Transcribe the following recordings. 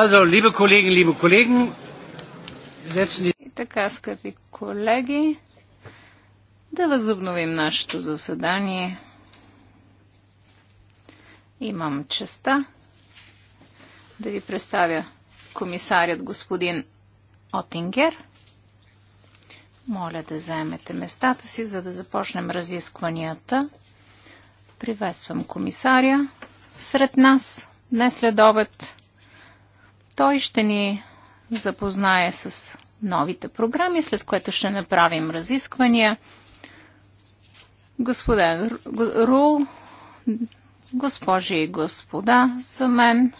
Also, Така, скъпи колеги, да възобновим нашето заседание. Имам честа да ви представя комисарят господин Отингер. Моля да заемете местата си, за да започнем разискванията. Приветствам комисаря сред нас днес след обед. Той ще ни запознае с новите програми, след което ще направим разисквания. Господа Рул, госпожи и господа, за мен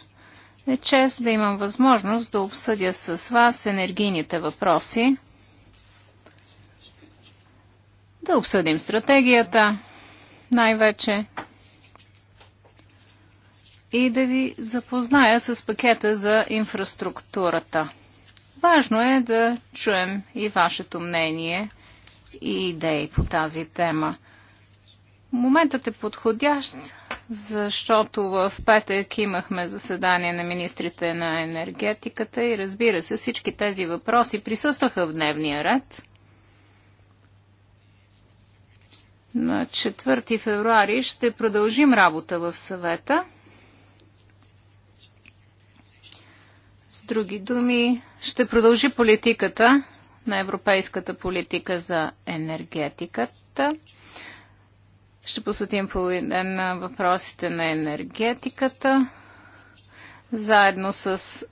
е чест да имам възможност да обсъдя с вас енергийните въпроси, да обсъдим стратегията най-вече и да ви запозная с пакета за инфраструктурата. Важно е да чуем и вашето мнение и идеи по тази тема. Моментът е подходящ, защото в петък имахме заседание на министрите на енергетиката и разбира се, всички тези въпроси присъстваха в дневния ред. На 4 февруари ще продължим работа в съвета – С други думи, ще продължи политиката на европейската политика за енергетиката. Ще посветим по ден на въпросите на енергетиката, заедно с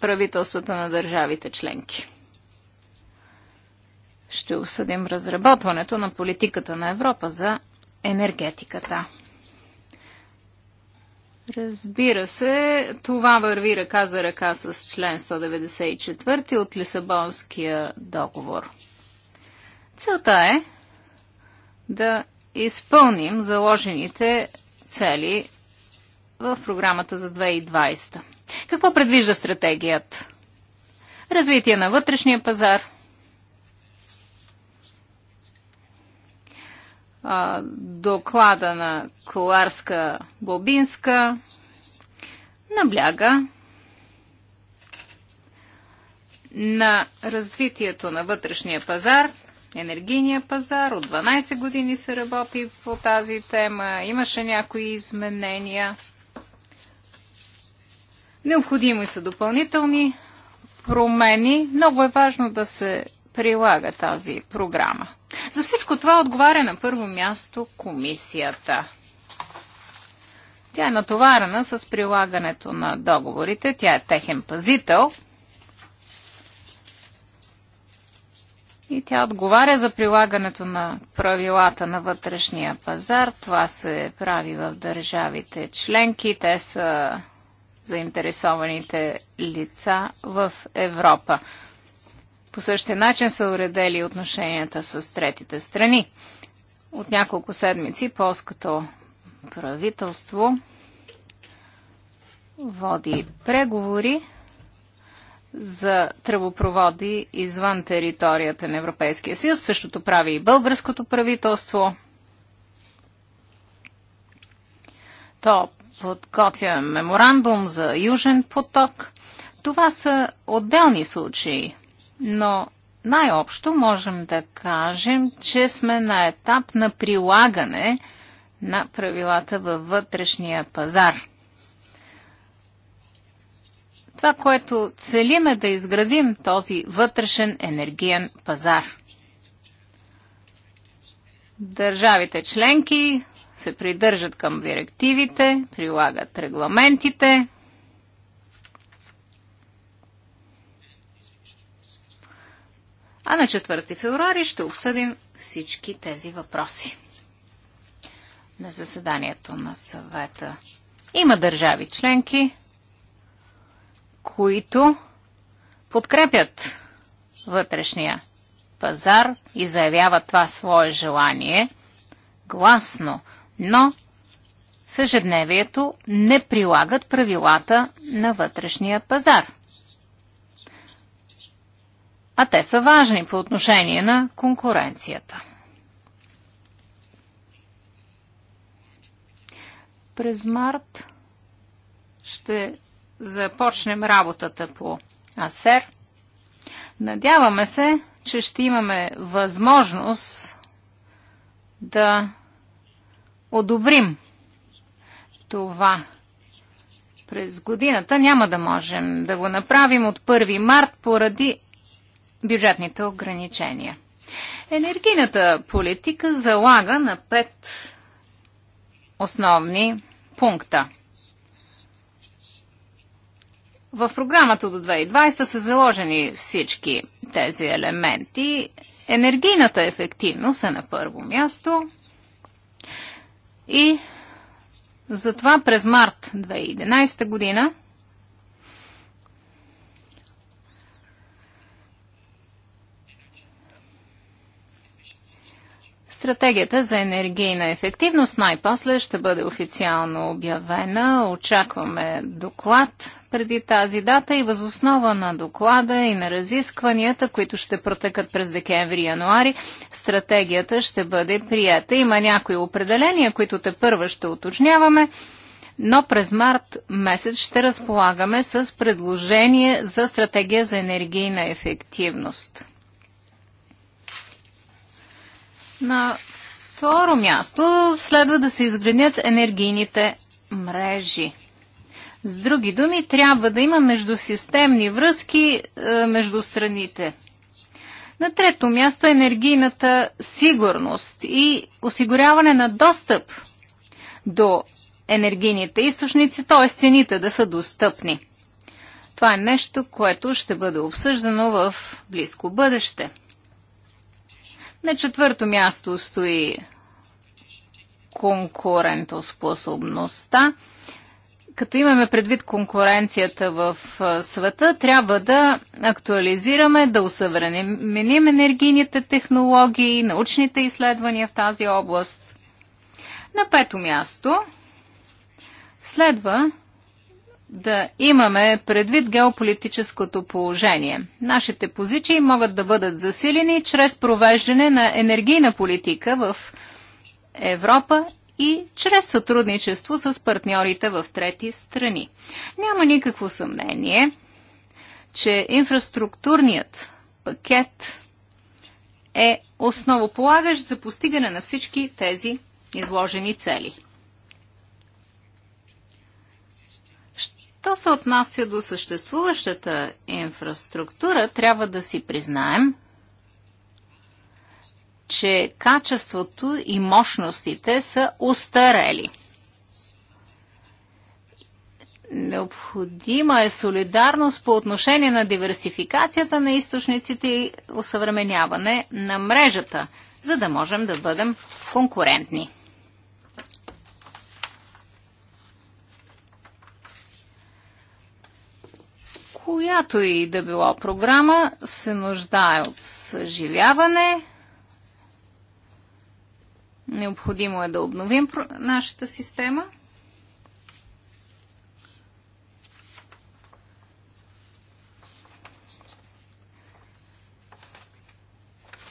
правителствата на държавите членки. Ще обсъдим разработването на политиката на Европа за енергетиката. Разбира се, това върви ръка за ръка с член 194 от Лисабонския договор. Целта е да изпълним заложените цели в програмата за 2020. Какво предвижда стратегията? Развитие на вътрешния пазар – а, доклада на Коларска-Бобинска набляга на развитието на вътрешния пазар, енергийния пазар. От 12 години се работи по тази тема. Имаше някои изменения. Необходими са допълнителни промени. Много е важно да се прилага тази програма. За всичко това отговаря на първо място комисията. Тя е натоварена с прилагането на договорите, тя е техен пазител и тя отговаря за прилагането на правилата на вътрешния пазар. Това се прави в държавите членки, те са заинтересованите лица в Европа по същия начин са уредели отношенията с третите страни. От няколко седмици полското правителство води преговори за тръбопроводи извън територията на Европейския съюз. Същото прави и българското правителство. То подготвя меморандум за Южен поток. Това са отделни случаи – но най-общо можем да кажем, че сме на етап на прилагане на правилата във вътрешния пазар. Това, което целим е да изградим този вътрешен енергиен пазар. Държавите членки се придържат към директивите, прилагат регламентите, А на 4 февруари ще обсъдим всички тези въпроси на заседанието на съвета. Има държави членки, които подкрепят вътрешния пазар и заявяват това свое желание гласно, но в ежедневието не прилагат правилата на вътрешния пазар а те са важни по отношение на конкуренцията. През март ще започнем работата по АСЕР. Надяваме се, че ще имаме възможност да одобрим това през годината. Няма да можем да го направим от 1 март поради бюджетните ограничения. Енергийната политика залага на пет основни пункта. В програмата до 2020 са заложени всички тези елементи. Енергийната ефективност е на първо място и затова през март 2011 година Стратегията за енергийна ефективност най-после ще бъде официално обявена. Очакваме доклад преди тази дата и възоснова на доклада и на разискванията, които ще протекат през декември и януари, стратегията ще бъде прията. Има някои определения, които те първа ще уточняваме но през март месец ще разполагаме с предложение за стратегия за енергийна ефективност. На второ място следва да се изградят енергийните мрежи. С други думи, трябва да има междусистемни връзки е, между страните. На трето място е енергийната сигурност и осигуряване на достъп до енергийните източници, т.е. цените да са достъпни. Това е нещо, което ще бъде обсъждано в близко бъдеще. На четвърто място стои конкурентоспособността. Като имаме предвид конкуренцията в света, трябва да актуализираме, да усъвременим енергийните технологии, научните изследвания в тази област. На пето място следва да имаме предвид геополитическото положение. Нашите позиции могат да бъдат засилени чрез провеждане на енергийна политика в Европа и чрез сътрудничество с партньорите в трети страни. Няма никакво съмнение, че инфраструктурният пакет е основополагащ за постигане на всички тези изложени цели. Що се отнася до съществуващата инфраструктура, трябва да си признаем, че качеството и мощностите са устарели. Необходима е солидарност по отношение на диверсификацията на източниците и осъвременяване на мрежата, за да можем да бъдем конкурентни. която и да било програма се нуждае от съживяване. Необходимо е да обновим нашата система –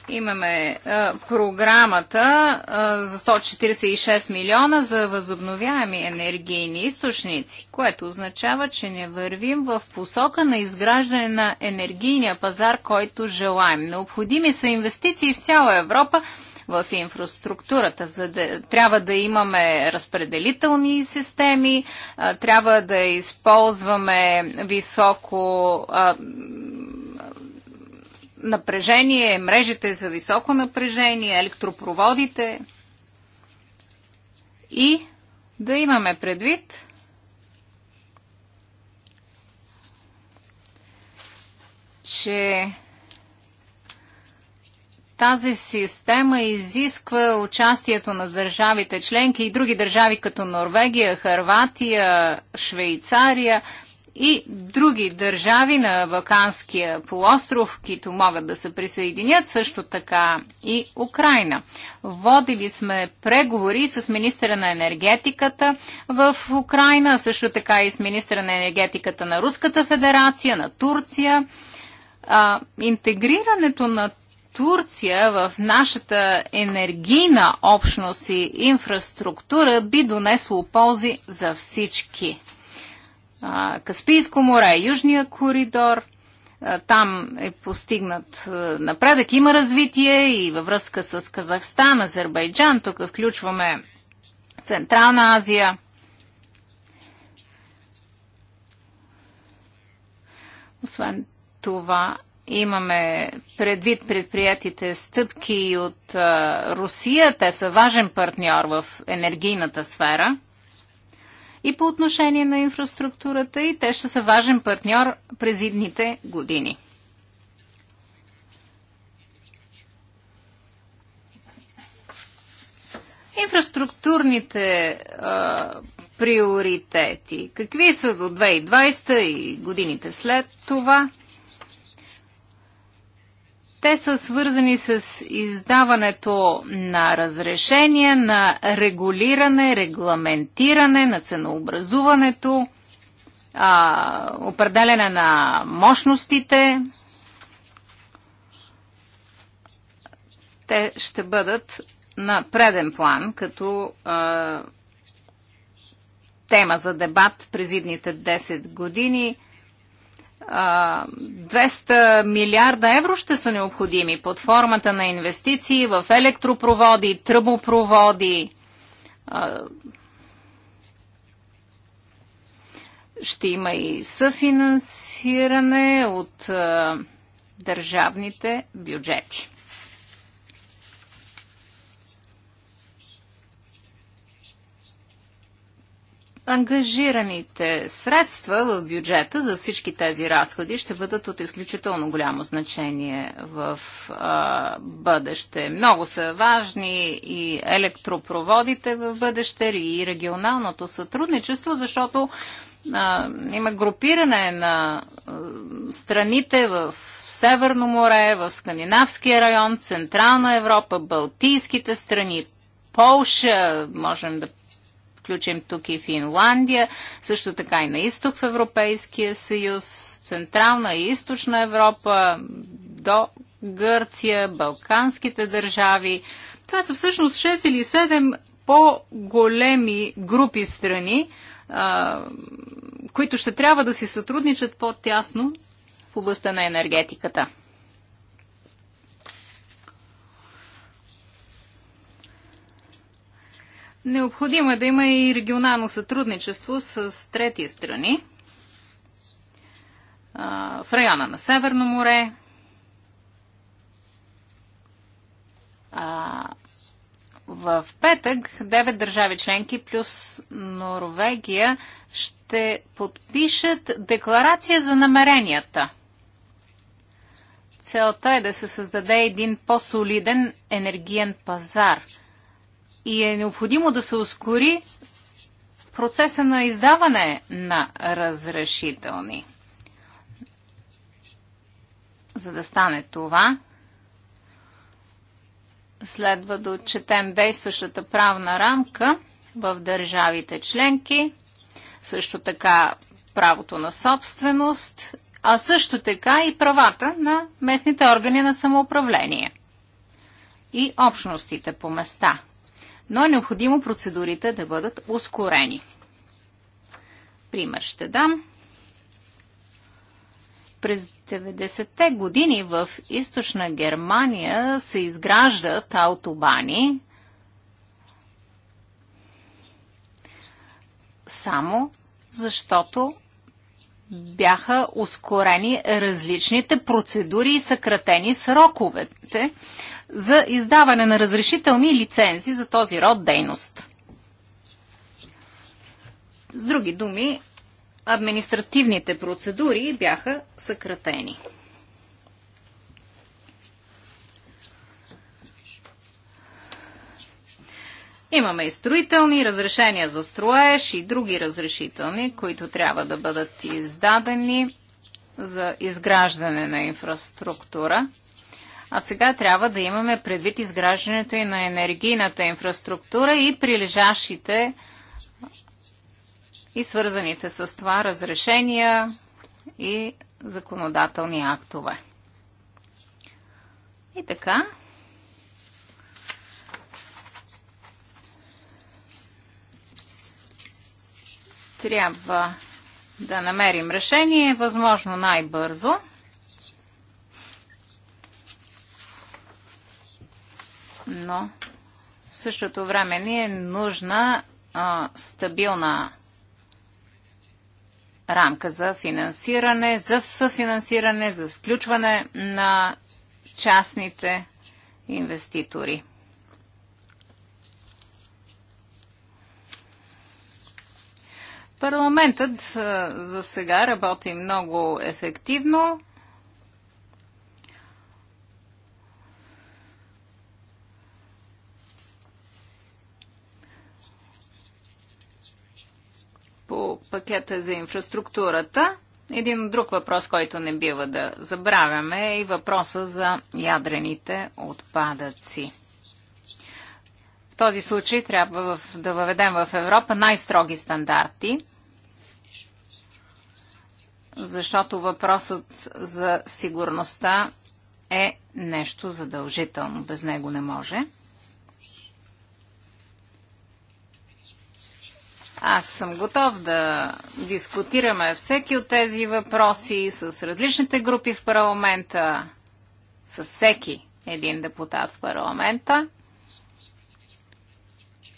имаме а, програмата а, за 146 милиона за възобновяеми енергийни източници, което означава, че не вървим в посока на изграждане на енергийния пазар, който желаем. Необходими са инвестиции в цяла Европа в инфраструктурата. За да, трябва да имаме разпределителни системи, а, трябва да използваме високо а, напрежение, мрежите за високо напрежение, електропроводите и да имаме предвид, че тази система изисква участието на държавите членки и други държави като Норвегия, Харватия, Швейцария и други държави на Балканския полуостров, които могат да се присъединят, също така и Украина. Водили сме преговори с министра на енергетиката в Украина, също така и с министра на енергетиката на Руската федерация, на Турция. А, интегрирането на Турция в нашата енергийна общност и инфраструктура би донесло ползи за всички. Каспийско море, Южния коридор. Там е постигнат напредък, има развитие и във връзка с Казахстан, Азербайджан. Тук включваме Централна Азия. Освен това, имаме предвид предприятите стъпки от Русия. Те са важен партньор в енергийната сфера и по отношение на инфраструктурата и те ще са важен партньор през идните години. Инфраструктурните а, приоритети. Какви са до 2020 и годините след това? Те са свързани с издаването на разрешение, на регулиране, регламентиране на ценообразуването, а, определяне на мощностите. Те ще бъдат на преден план като а, тема за дебат през идните 10 години – 200 милиарда евро ще са необходими под формата на инвестиции в електропроводи, тръбопроводи. Ще има и съфинансиране от държавните бюджети. ангажираните средства в бюджета за всички тези разходи ще бъдат от изключително голямо значение в а, бъдеще. Много са важни и електропроводите в бъдеще и регионалното сътрудничество, защото а, има групиране на а, страните в Северно море, в Скандинавския район, Централна Европа, Балтийските страни, Полша, можем да включим тук и Финландия, също така и на изток в Европейския съюз, Централна и Източна Европа, до Гърция, Балканските държави. Това са всъщност 6 или 7 по-големи групи страни, които ще трябва да си сътрудничат по-тясно в областта на енергетиката. Необходимо е да има и регионално сътрудничество с трети страни в района на Северно море. В петък девет държави членки плюс Норвегия ще подпишат декларация за намеренията. Целта е да се създаде един по-солиден енергиен пазар – и е необходимо да се ускори процеса на издаване на разрешителни. За да стане това, следва да отчетем действащата правна рамка в държавите членки, също така правото на собственост, а също така и правата на местните органи на самоуправление и общностите по места – но е необходимо процедурите да бъдат ускорени. Пример ще дам. През 90-те години в източна Германия се изграждат аутобани само защото бяха ускорени различните процедури и съкратени сроковете за издаване на разрешителни лицензи за този род дейност. С други думи, административните процедури бяха съкратени. Имаме и строителни разрешения за строеж и други разрешителни, които трябва да бъдат издадени за изграждане на инфраструктура. А сега трябва да имаме предвид изграждането и на енергийната инфраструктура и прилежащите и свързаните с това разрешения и законодателни актове. И така. Трябва да намерим решение възможно най-бързо. но в същото време ни е нужна а, стабилна рамка за финансиране, за съфинансиране, за включване на частните инвеститори. Парламентът за сега работи много ефективно по пакета за инфраструктурата. Един друг въпрос, който не бива да забравяме е и въпроса за ядрените отпадъци. В този случай трябва да въведем в Европа най-строги стандарти, защото въпросът за сигурността е нещо задължително. Без него не може. Аз съм готов да дискутираме всеки от тези въпроси с различните групи в парламента, с всеки един депутат в парламента.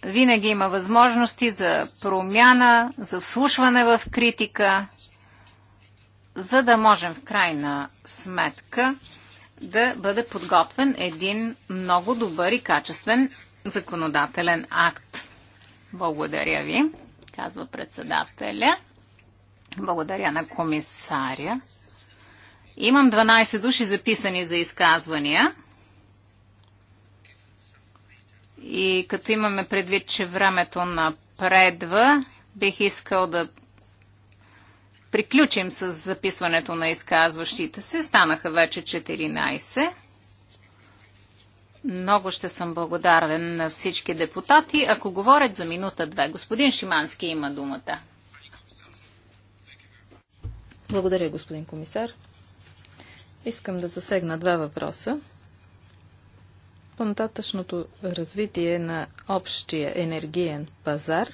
Винаги има възможности за промяна, за вслушване в критика, за да можем в крайна сметка да бъде подготвен един много добър и качествен законодателен акт. Благодаря ви казва председателя. Благодаря на комисаря. Имам 12 души записани за изказвания. И като имаме предвид, че времето напредва, бих искал да приключим с записването на изказващите се. Станаха вече 14. Много ще съм благодарен на всички депутати, ако говорят за минута-две. Господин Шимански има думата. Благодаря, господин комисар. Искам да засегна два въпроса. Понататъчното развитие на общия енергиен пазар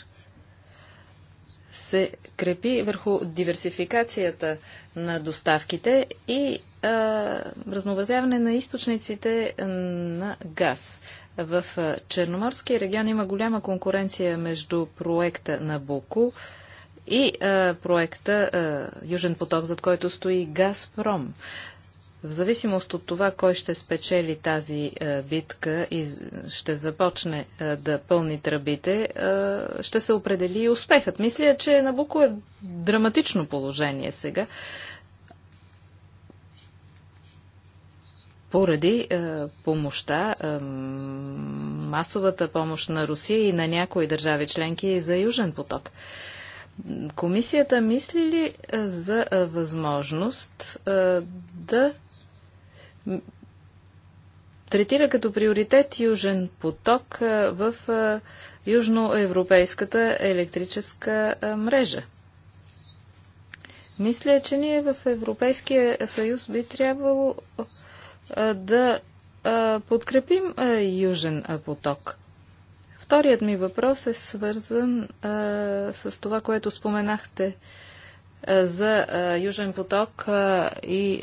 се крепи върху диверсификацията на доставките и а, разнообразяване на източниците на газ. В Черноморския регион има голяма конкуренция между проекта на Боку и а, проекта а, Южен поток, зад който стои Газпром. В зависимост от това, кой ще спечели тази битка и ще започне да пълни тръбите, ще се определи и успехът. Мисля, че Набуко е в драматично положение сега. поради е, помощта, е, масовата помощ на Русия и на някои държави членки за Южен поток. Комисията мисли ли е, за е, възможност е, да третира като приоритет Южен поток е, в е, южноевропейската електрическа е, мрежа? Мисля, че ние в Европейския съюз би трябвало. Е, да подкрепим Южен поток. Вторият ми въпрос е свързан с това, което споменахте за Южен поток и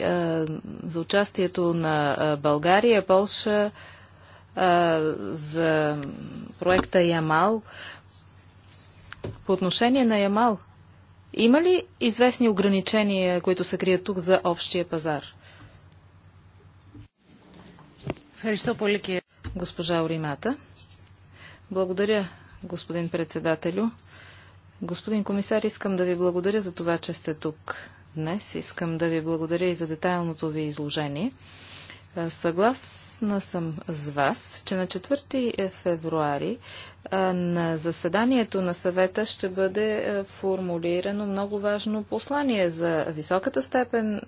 за участието на България, Полша, за проекта Ямал. По отношение на Ямал, има ли известни ограничения, които се крият тук за общия пазар? Госпожа Оримата. Благодаря, господин председателю. Господин комисар, искам да ви благодаря за това, че сте тук днес. Искам да ви благодаря и за детайлното ви изложение. Е, съгласна съм с вас, че на 4 е февруари на заседанието на съвета ще бъде е, формулирано много важно послание за високата степен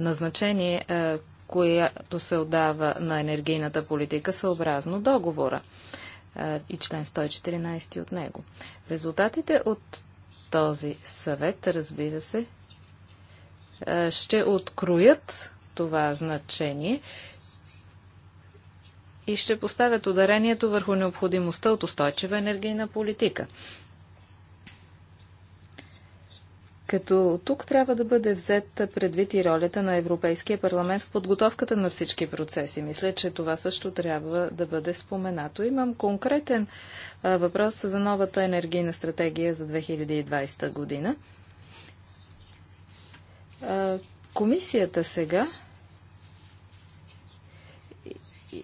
на значение, която се отдава на енергийната политика съобразно договора и член 114 от него. Резултатите от този съвет, разбира се, ще откроят това значение и ще поставят ударението върху необходимостта от устойчива енергийна политика. Като тук трябва да бъде взет предвид и ролята на Европейския парламент в подготовката на всички процеси. Мисля, че това също трябва да бъде споменато. Имам конкретен въпрос за новата енергийна стратегия за 2020 година. комисията сега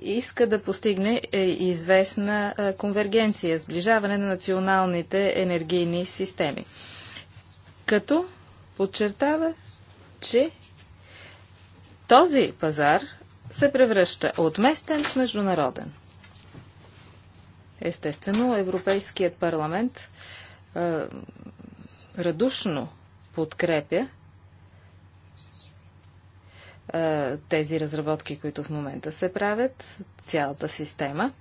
иска да постигне е, известна конвергенция, сближаване на националните енергийни системи като подчертава, че този пазар се превръща от местен в международен. Естествено, Европейският парламент е, радушно подкрепя е, тези разработки, които в момента се правят, цялата система –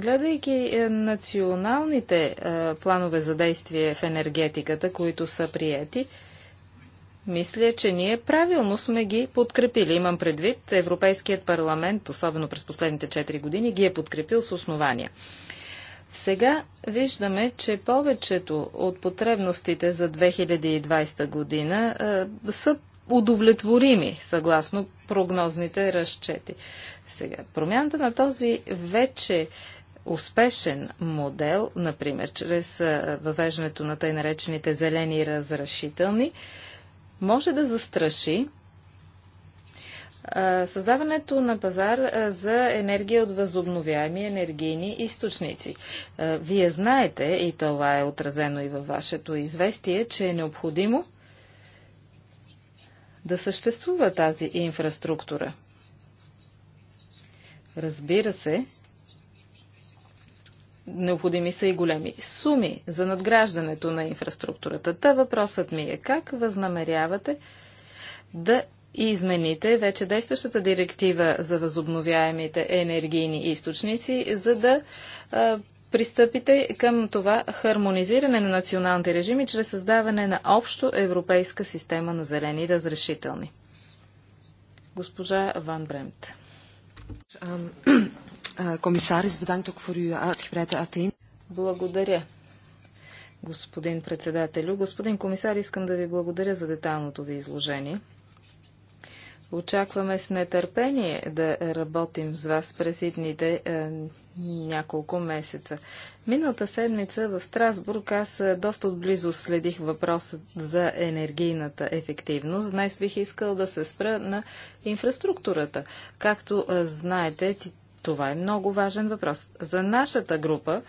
Гледайки е, националните е, планове за действие в енергетиката, които са приети, мисля, че ние правилно сме ги подкрепили. Имам предвид, Европейският парламент, особено през последните 4 години, ги е подкрепил с основания. Сега виждаме, че повечето от потребностите за 2020 година е, са удовлетворими, съгласно прогнозните разчети. Сега, промяната на този вече успешен модел, например, чрез въвеждането на тъй наречените зелени разрешителни, може да застраши Създаването на пазар за енергия от възобновяеми енергийни източници. Вие знаете, и това е отразено и във вашето известие, че е необходимо да съществува тази инфраструктура. Разбира се, Необходими са и големи суми за надграждането на инфраструктурата. Та въпросът ми е как възнамерявате да и измените вече действащата директива за възобновяемите енергийни източници, за да а, пристъпите към това хармонизиране на националните режими чрез създаване на общо европейска система на зелени разрешителни. Госпожа Ван Бремт. Комисарис, bedankt тук voor uw uitgebreide Благодаря. Господин председателю, господин комисар, искам да ви благодаря за деталното ви изложение. Очакваме с нетърпение да работим с вас през идните е, няколко месеца. Миналата седмица в Страсбург аз е, доста отблизо следих въпроса за енергийната ефективност. Днес бих искал да се спра на инфраструктурата. Както е, знаете, това е много важен въпрос. За нашата група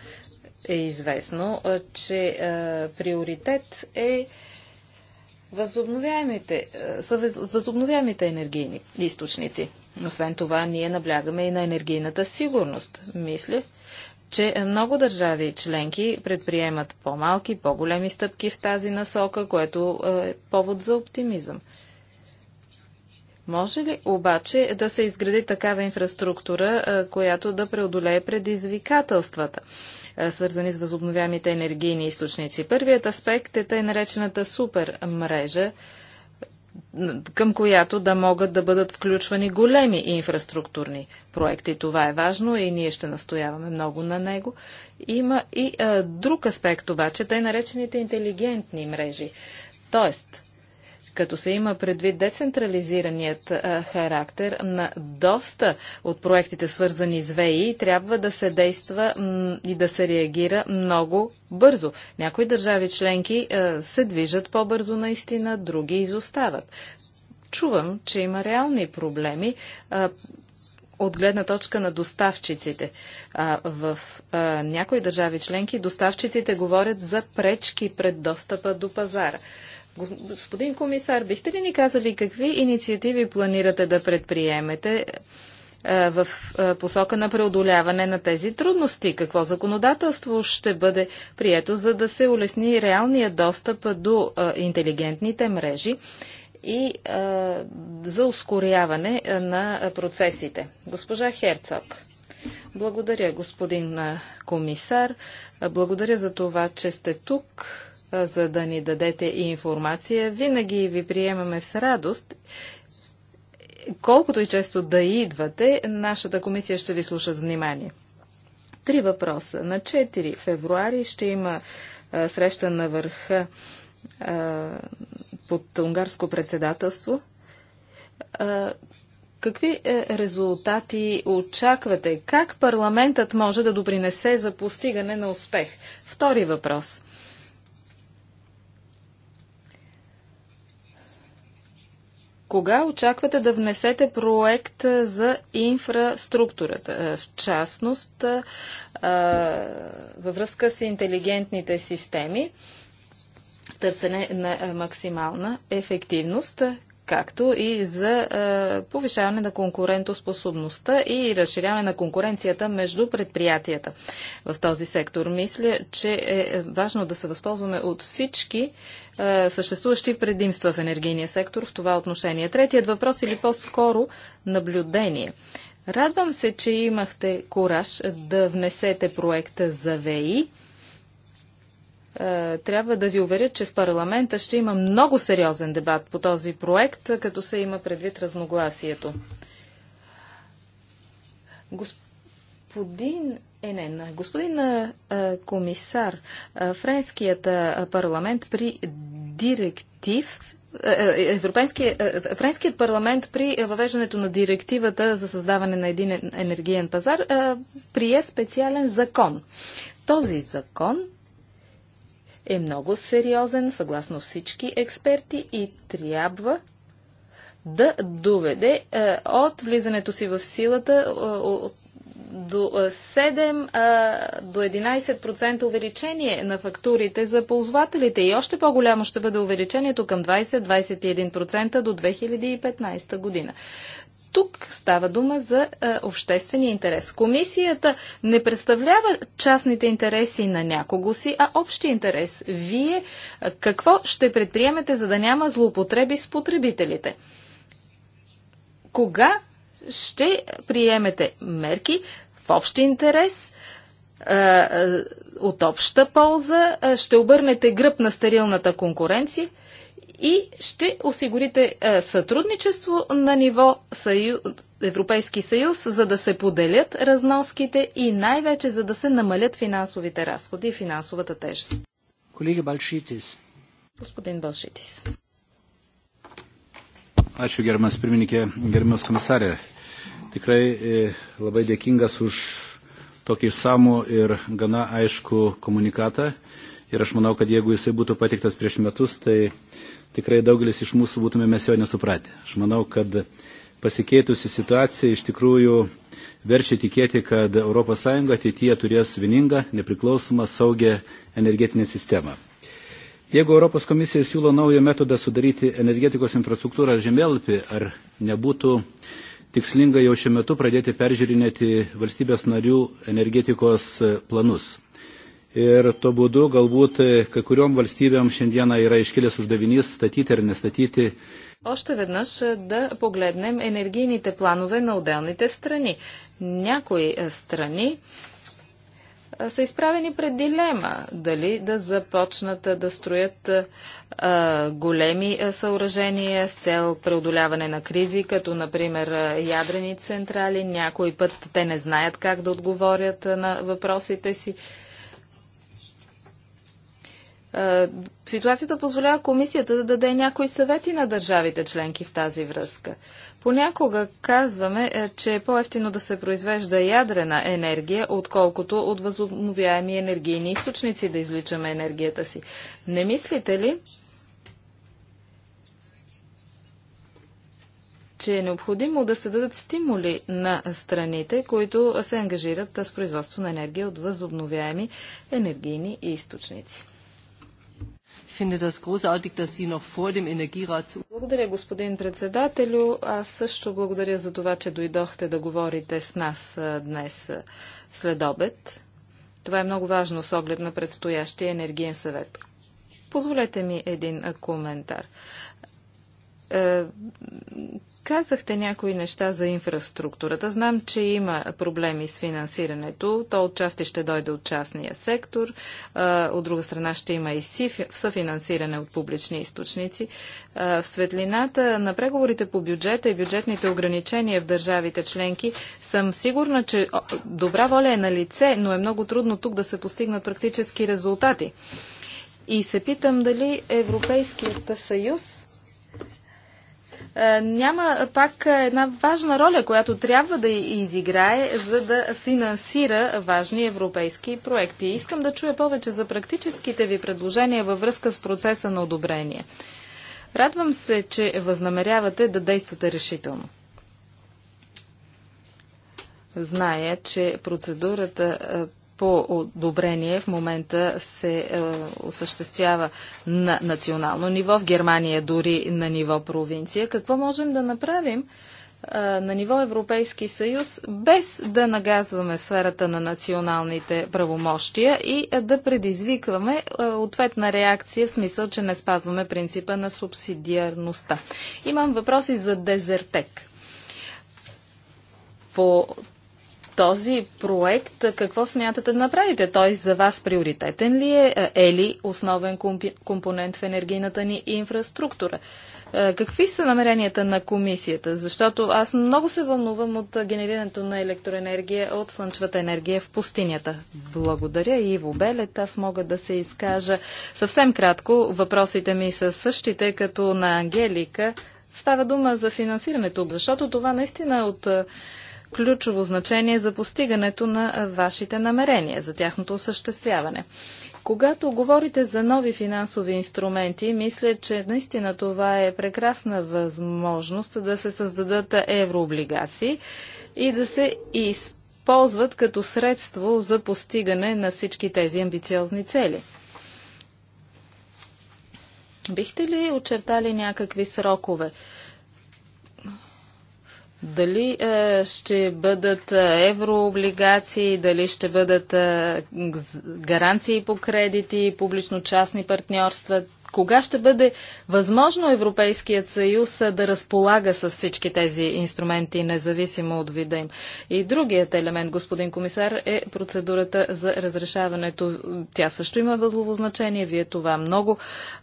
е известно, че приоритет е възобновяемите, са възобновяемите енергийни източници. Освен това, ние наблягаме и на енергийната сигурност. Мисля, че много държави и членки предприемат по-малки, по-големи стъпки в тази насока, което е повод за оптимизъм. Може ли обаче да се изгради такава инфраструктура, която да преодолее предизвикателствата, свързани с възобновяемите енергийни източници? Първият аспект е тъй наречената супер мрежа, към която да могат да бъдат включвани големи инфраструктурни проекти. Това е важно и ние ще настояваме много на него. Има и а, друг аспект обаче, тъй наречените интелигентни мрежи. Тоест, като се има предвид децентрализираният а, характер на доста от проектите свързани с ВИ, трябва да се действа и да се реагира много бързо. Някои държави членки а, се движат по-бързо наистина, други изостават. Чувам, че има реални проблеми. А, от гледна точка на доставчиците. А, в а, някои държави членки доставчиците говорят за пречки пред достъпа до пазара. Господин комисар, бихте ли ни казали какви инициативи планирате да предприемете е, в е, посока на преодоляване на тези трудности? Какво законодателство ще бъде прието, за да се улесни реалния достъп до е, интелигентните мрежи и за ускоряване на процесите? Госпожа Херцог. Благодаря, господин комисар. Благодаря за това, че сте тук за да ни дадете и информация. Винаги ви приемаме с радост. Колкото и често да идвате, нашата комисия ще ви слуша с внимание. Три въпроса. На 4 февруари ще има а, среща на върха под унгарско председателство. А, Какви е, резултати очаквате? Как парламентът може да допринесе за постигане на успех? Втори въпрос – Кога очаквате да внесете проект за инфраструктурата? В частност, във връзка с интелигентните системи, търсене на максимална ефективност, както и за е, повишаване на конкурентоспособността и разширяване на конкуренцията между предприятията в този сектор. Мисля, че е важно да се възползваме от всички е, съществуващи предимства в енергийния сектор в това отношение. Третият въпрос или по-скоро наблюдение. Радвам се, че имахте кураж да внесете проекта за ВИ е, трябва да ви уверя, че в парламента ще има много сериозен дебат по този проект, като се има предвид разногласието. Господин Енен, господин а, е, е, комисар, а, френският а, парламент при директив Френският парламент при въвеждането на директивата за създаване на един енергиен пазар прие специален закон. Този закон е много сериозен, съгласно всички експерти и трябва да доведе е, от влизането си в силата е, е, е, до 7 е, до 11% увеличение на фактурите за ползвателите и още по-голямо ще бъде увеличението към 20-21% до 2015 година тук става дума за а, е, обществения интерес. Комисията не представлява частните интереси на някого си, а общи интерес. Вие а, е, какво ще предприемете, за да няма злоупотреби с потребителите? Кога ще приемете мерки в общи интерес, а, е, от обща полза, ще обърнете гръб на стерилната конкуренция – и ще осигурите е, сътрудничество на ниво Европейски съюз, за да се поделят разноските и най-вече за да се намалят финансовите разходи и финансовата тежест. Колеги Балшитис. Господин Балшитис. Ačiū gerbiamas pirmininkė, gerbiamas komisarė. Tikrai e, labai dėkingas už tokį samų ir gana aišku komunikatą. Ir aš manau, kad jeigu jisai būtų patiktas prieš metus, tai tikrai daugelis iš mūsų būtume mes jo nesupratę. Aš manau, kad pasikeitusi situacija iš tikrųjų verčia tikėti, kad ES ateityje turės vieningą, nepriklausomą, saugę energetinę sistemą. Jeigu Europos komisija siūlo naują metodą sudaryti energetikos infrastruktūrą žemėlapį, ar nebūtų tikslinga jau šiuo metu pradėti peržiūrinėti valstybės narių energetikos planus? Ir to būdu galbūt e, kai kuriuom valstybėm šiandieną yra iškilęs uždavinys statyti ar nestatyti. Още веднъж е, да погледнем енергийните планове на отделните страни. Някои е, страни е, са изправени пред дилема дали да започнат да строят големи съоръжения с цел преодоляване на кризи, като например ядрени централи. Някой път те не знаят как да отговорят на въпросите си. Е, ситуацията позволява комисията да даде някои съвети на държавите членки в тази връзка. Понякога казваме, е, че е по-ефтино да се произвежда ядрена енергия, отколкото от възобновяеми енергийни източници да изличаме енергията си. Не мислите ли, че е необходимо да се дадат стимули на страните, които се ангажират с производство на енергия от възобновяеми енергийни източници? Благодаря, господин председателю. Аз също благодаря за това, че дойдохте да говорите с нас днес след обед. Това е много важно с оглед на предстоящия енергиен съвет. Позволете ми един коментар. Е, казахте някои неща за инфраструктурата. Знам, че има проблеми с финансирането. То отчасти ще дойде от частния сектор. Е, от друга страна ще има и съфинансиране от публични източници. Е, в светлината на преговорите по бюджета и бюджетните ограничения в държавите членки съм сигурна, че добра воля е на лице, но е много трудно тук да се постигнат практически резултати. И се питам дали Европейският съюз е, няма пак една важна роля, която трябва да изиграе, за да финансира важни европейски проекти. Искам да чуя повече за практическите ви предложения във връзка с процеса на одобрение. Радвам се, че възнамерявате да действате решително. Зная, че процедурата е, по одобрение в момента се е, осъществява на национално ниво, в Германия е дори на ниво провинция. Какво можем да направим е, на ниво Европейски съюз, без да нагазваме сферата на националните правомощия и е, да предизвикваме е, ответна реакция в смисъл, че не спазваме принципа на субсидиарността? Имам въпроси за Дезертек по този проект какво смятате да направите? Той за вас приоритетен ли е? Е ли основен компонент в енергийната ни инфраструктура? Е, какви са намеренията на комисията? Защото аз много се вълнувам от генерирането на електроенергия от слънчевата енергия в пустинята. Благодаря Иво Белет. Аз мога да се изкажа съвсем кратко. Въпросите ми са същите като на Ангелика. Става дума за финансирането, защото това наистина е от е, ключово значение за постигането на вашите намерения, за тяхното осъществяване. Когато говорите за нови финансови инструменти, мисля, че наистина това е прекрасна възможност да се създадат еврооблигации и да се използват като средство за постигане на всички тези амбициозни цели. Бихте ли очертали някакви срокове? Дали е, ще бъдат е, еврооблигации, дали ще бъдат е, гаранции по кредити, публично-частни партньорства, кога ще бъде възможно Европейският съюз да разполага с всички тези инструменти, независимо от вида им? И другият елемент, господин комисар, е процедурата за разрешаването. Тя също има възлово значение. Вие това много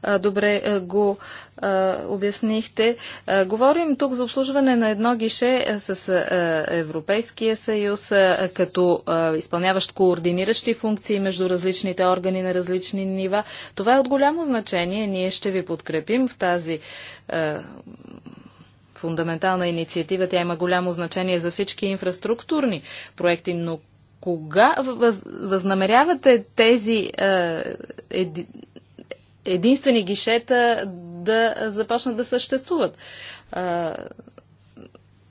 а, добре а, го а, обяснихте. Говорим тук за обслужване на едно гише с Европейския съюз като изпълняващ координиращи функции между различните органи на различни нива. Това е от голямо значение изменения. Ние ще ви подкрепим в тази е, фундаментална инициатива. Тя има голямо значение за всички инфраструктурни проекти, но кога въз, възнамерявате тези е, еди, единствени гишета да започнат да съществуват? Е,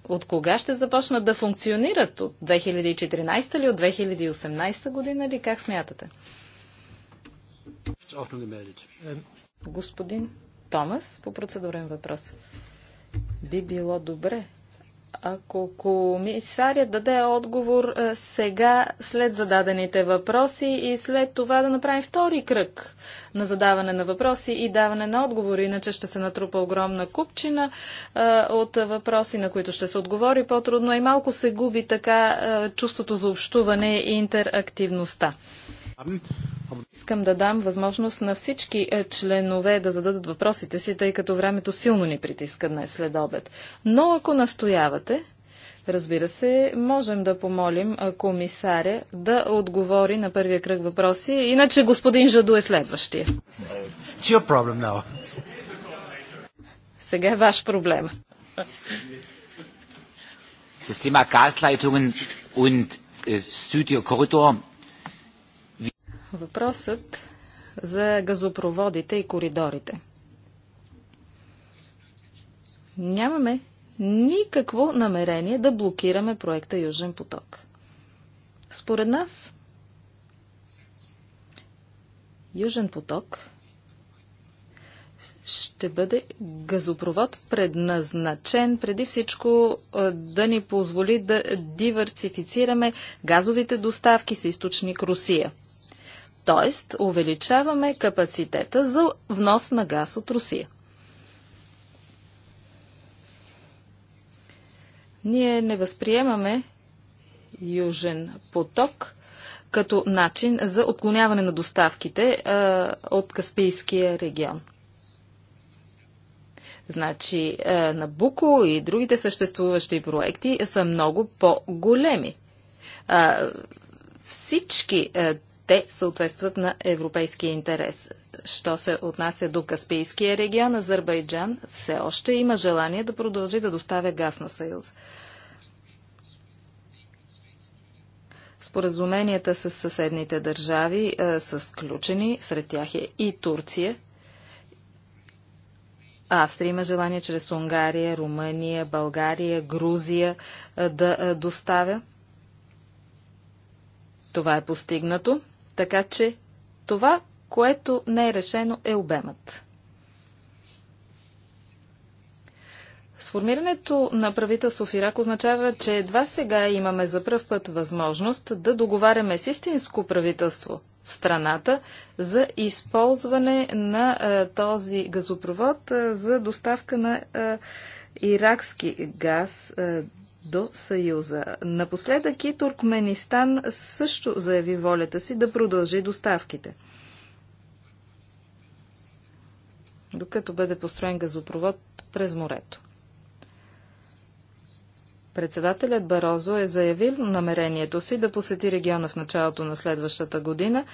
от кога ще започнат да функционират? От 2014 ли, от 2018 година ли? Как смятате? Господин Томас, по процедурен въпрос. Би било добре, ако комисаря даде отговор е, сега, след зададените въпроси и след това да направим втори кръг на задаване на въпроси и даване на отговори, иначе ще се натрупа огромна купчина а, е, от въпроси, на които ще се отговори по-трудно и малко се губи така а, е, чувството за общуване и интерактивността. Искам да дам възможност на всички е, членове да зададат въпросите си, тъй като времето силно ни притиска днес след обед. Но ако настоявате, разбира се, можем да помолим е, комисаря да отговори на първия кръг въпроси, иначе господин Жаду е следващия. Сега е ваш проблем. Das Thema Gasleitungen und äh, Въпросът за газопроводите и коридорите. Нямаме никакво намерение да блокираме проекта Южен поток. Според нас, Южен поток ще бъде газопровод предназначен преди всичко да ни позволи да диверсифицираме газовите доставки с източник Русия. Т.е. увеличаваме капацитета за внос на газ от Русия. Ние не възприемаме Южен поток като начин за отклоняване на доставките а, от Каспийския регион. Значи, а, Набуко и другите съществуващи проекти са много по-големи. всички а, те съответстват на европейския интерес. Що се отнася до Каспийския регион, Азербайджан все още има желание да продължи да доставя газ на Съюз. Споразуменията с съседните държави е, са сключени, сред тях е и Турция. Австрия има желание чрез Унгария, Румъния, България, Грузия е, да е, доставя. Това е постигнато. Така че това, което не е решено, е обемът. Сформирането на правителство в Ирак означава, че едва сега имаме за пръв път възможност да договаряме с истинско правителство в страната за използване на а, е, този газопровод а, е, за доставка на а, е, иракски газ до Съюза. Напоследък и Туркменистан също заяви волята си да продължи доставките. Докато бъде построен газопровод през морето. Председателят Барозо е заявил намерението си да посети региона в началото на следващата година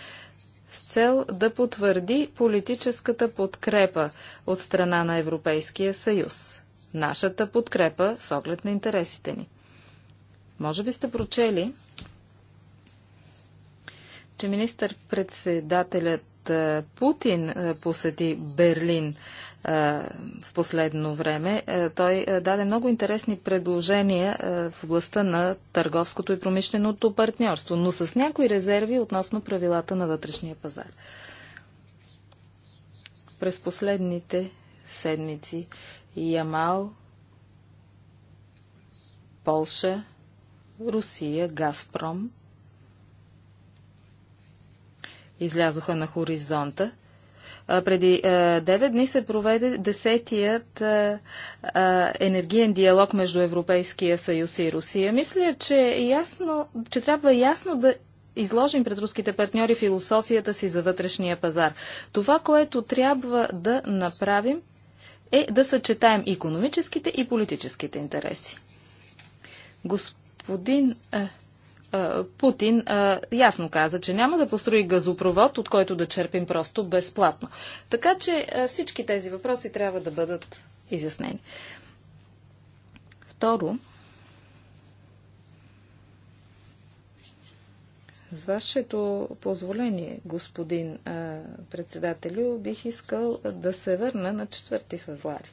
с цел да потвърди политическата подкрепа от страна на Европейския съюз нашата подкрепа с оглед на интересите ни. Може би сте прочели, че министър-председателят е, Путин е, посети Берлин е, в последно време. Той даде много интересни предложения в областта на търговското и промишленото партньорство, но с някои резерви относно правилата на вътрешния пазар. През последните седмици Ямал, Полша, Русия, Газпром излязоха на хоризонта. преди 9 дни се проведе десетият енергиен диалог между Европейския съюз и Русия. Мисля, че, е ясно, че трябва ясно да изложим пред руските партньори философията си за вътрешния пазар. Това, което трябва да направим е да съчетаем економическите и политическите интереси. Господин е, е, Путин е, ясно каза, че няма да построи газопровод, от който да черпим просто безплатно. Така че е, всички тези въпроси трябва да бъдат изяснени. Второ, С вашето позволение, господин а, председателю, бих искал да се върна на 4 февруари.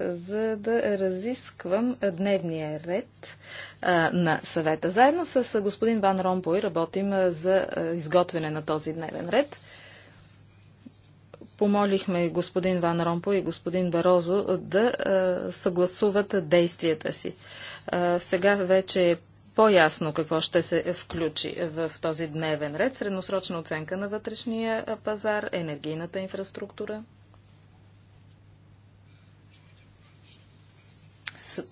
за да разисквам дневния ред а, на съвета. Заедно с господин Ван Ромпой работим а, за а, изготвяне на този дневен ред. Помолихме господин Ван Ромпой и господин Барозо да съгласуват действията си. Сега вече е по-ясно какво ще се включи в този дневен ред. Средносрочна оценка на вътрешния пазар, енергийната инфраструктура.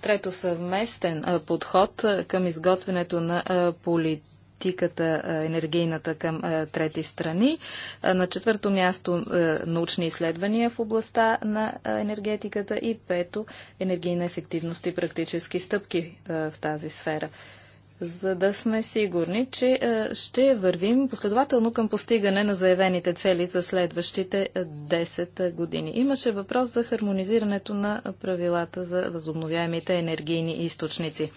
Трето съвместен подход към изготвянето на политика политиката енергийната към трети страни. На четвърто място научни изследвания в областта на енергетиката и пето енергийна ефективност и практически стъпки в тази сфера за да сме сигурни, че ще вървим последователно към постигане на заявените цели за следващите 10 години. Имаше въпрос за хармонизирането на правилата за възобновяемите енергийни източници.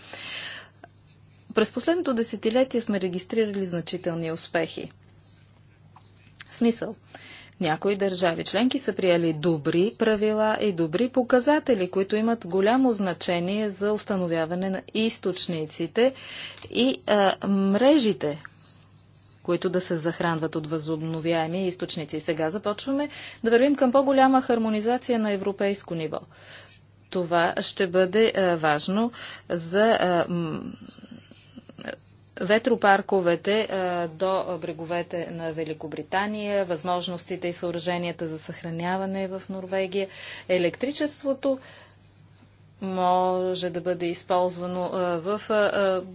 През последното десетилетие сме регистрирали значителни успехи. В смисъл. Някои държави членки са приели добри правила и добри показатели, които имат голямо значение за установяване на източниците и а, мрежите, които да се захранват от възобновяеми източници. И сега започваме да вървим към по-голяма хармонизация на европейско ниво. Това ще бъде а, важно за а, ветропарковете до бреговете на Великобритания, възможностите и съоръженията за съхраняване в Норвегия, електричеството може да бъде използвано в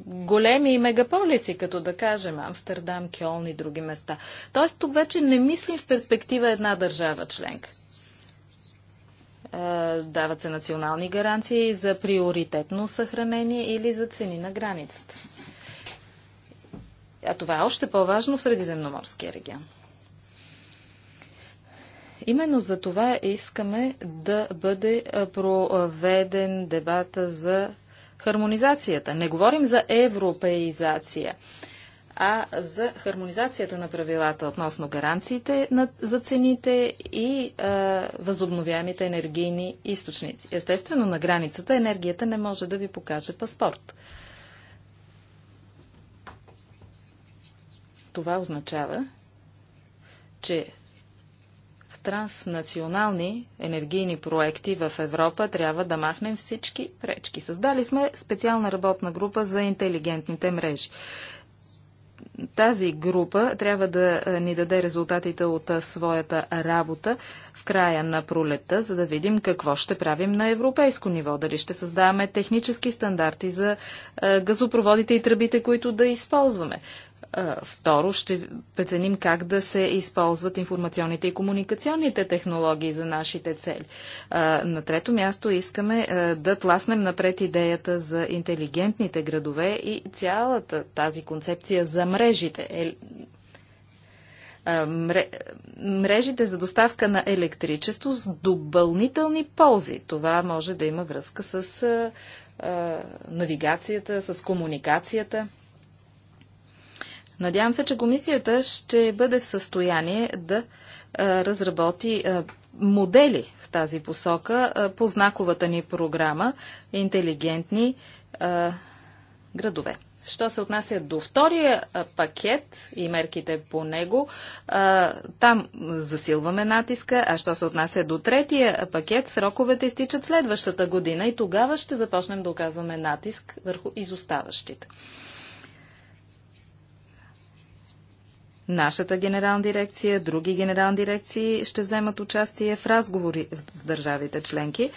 големи мегаполиси, като да кажем Амстердам, Кьолн и други места. Тоест тук вече не мислим в перспектива една държава членка. Дават се национални гаранции за приоритетно съхранение или за цени на границата. А това е още по-важно в Средиземноморския регион. Именно за това искаме да бъде проведен дебата за хармонизацията. Не говорим за европеизация, а за хармонизацията на правилата относно гаранциите за цените и възобновяемите енергийни източници. Естествено, на границата енергията не може да ви покаже паспорт. Това означава, че в транснационални енергийни проекти в Европа трябва да махнем всички пречки. Създали сме специална работна група за интелигентните мрежи тази група трябва да ни даде резултатите от своята работа в края на пролета, за да видим какво ще правим на европейско ниво. Дали ще създаваме технически стандарти за газопроводите и тръбите, които да използваме. Второ, ще преценим как да се използват информационните и комуникационните технологии за нашите цели. На трето място искаме да тласнем напред идеята за интелигентните градове и цялата тази концепция за мрежите. Е, мрежите за доставка на електричество с допълнителни ползи. Това може да има връзка с навигацията, с комуникацията. Надявам се, че комисията ще бъде в състояние да разработи модели в тази посока по знаковата ни програма интелигентни градове. Що се отнася до втория пакет и мерките по него, там засилваме натиска, а що се отнася до третия пакет, сроковете изтичат следващата година и тогава ще започнем да оказваме натиск върху изоставащите. нашата генерална дирекция, други генерални дирекции ще вземат участие в разговори с държавите членки,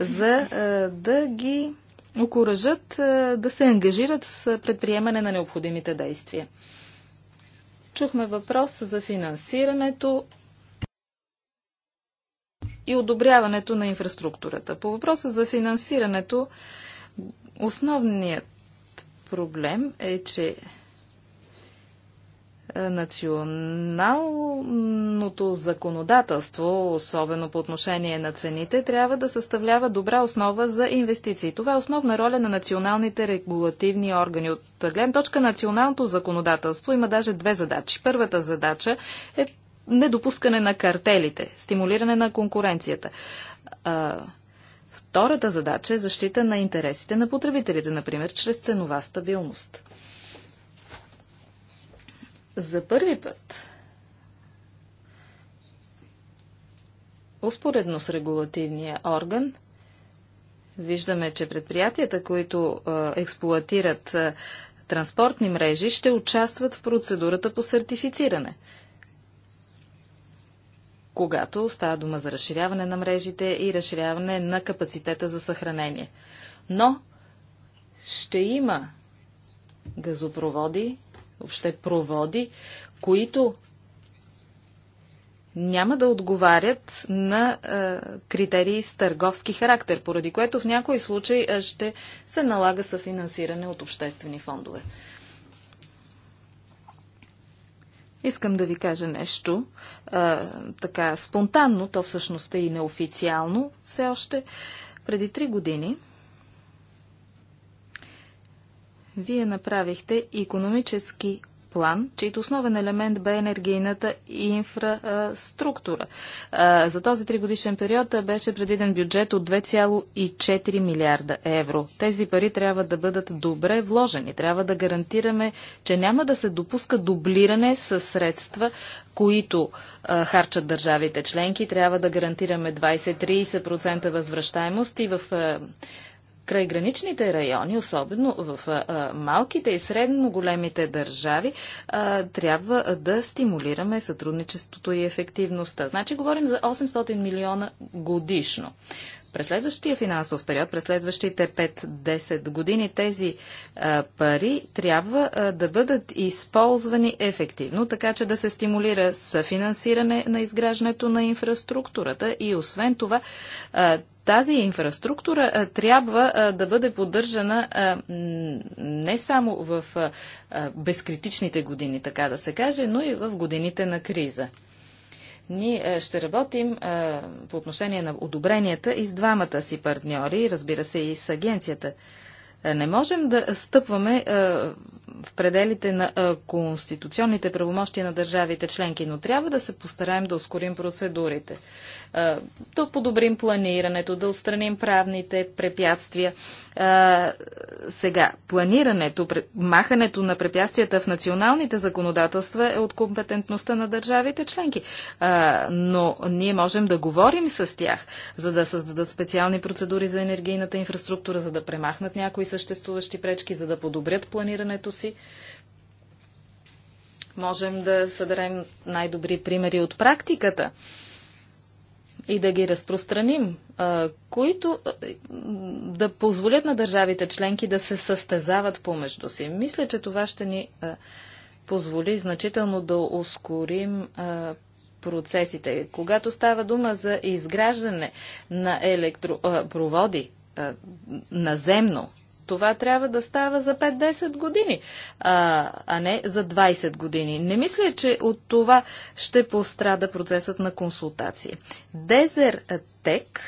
за е, да ги окоръжат е, да се ангажират с предприемане на необходимите действия. Чухме въпрос за финансирането и одобряването на инфраструктурата. По въпроса за финансирането, основният проблем е, че е, националното законодателство, особено по отношение на цените, трябва да съставлява добра основа за инвестиции. Това е основна роля на националните регулативни органи. От гледна точка националното законодателство има даже две задачи. Първата задача е недопускане на картелите, стимулиране на конкуренцията. Втората задача е защита на интересите на потребителите, например, чрез ценова стабилност. За първи път, успоредно с регулативния орган, виждаме, че предприятията, които експлуатират транспортни мрежи, ще участват в процедурата по сертифициране когато става дума за разширяване на мрежите и разширяване на капацитета за съхранение. Но ще има газопроводи, въобще проводи, които няма да отговарят на е, критерии с търговски характер, поради което в някои случаи е, ще се налага съфинансиране от обществени фондове. Искам да ви кажа нещо е, така спонтанно, то всъщност е и неофициално все още. Преди три години Вие направихте економически план, чийто основен елемент бе енергийната инфраструктура. За този тригодишен период беше предвиден бюджет от 2,4 милиарда евро. Тези пари трябва да бъдат добре вложени. Трябва да гарантираме, че няма да се допуска дублиране с средства, които харчат държавите членки. Трябва да гарантираме 20-30% възвръщаемост и в Край граничните райони, особено в малките и средно големите държави, трябва да стимулираме сътрудничеството и ефективността. Значи говорим за 800 милиона годишно. През следващия финансов период, през следващите 5-10 години тези а, пари трябва а, да бъдат използвани ефективно, така че да се стимулира съфинансиране на изграждането на инфраструктурата и освен това а, тази инфраструктура а, трябва а, да бъде поддържана а, не само в а, безкритичните години, така да се каже, но и в годините на криза. Ние е, ще работим е, по отношение на одобренията и с двамата си партньори, разбира се и с агенцията. Е, не можем да стъпваме в пределите на конституционните правомощия на държавите членки, но трябва да се постараем да ускорим процедурите, да подобрим планирането, да устраним правните препятствия. Сега, планирането, махането на препятствията в националните законодателства е от компетентността на държавите членки, но ние можем да говорим с тях, за да създадат специални процедури за енергийната инфраструктура, за да премахнат някои съществуващи пречки, за да подобрят планирането си. можем да съберем най-добри примери от практиката и да ги разпространим, които да позволят на държавите членки да се състезават помежду си. Мисля, че това ще ни позволи значително да ускорим процесите. Когато става дума за изграждане на електропроводи наземно, това трябва да става за 5-10 години, а, а не за 20 години. Не мисля, че от това ще пострада процесът на консултации. Дезертек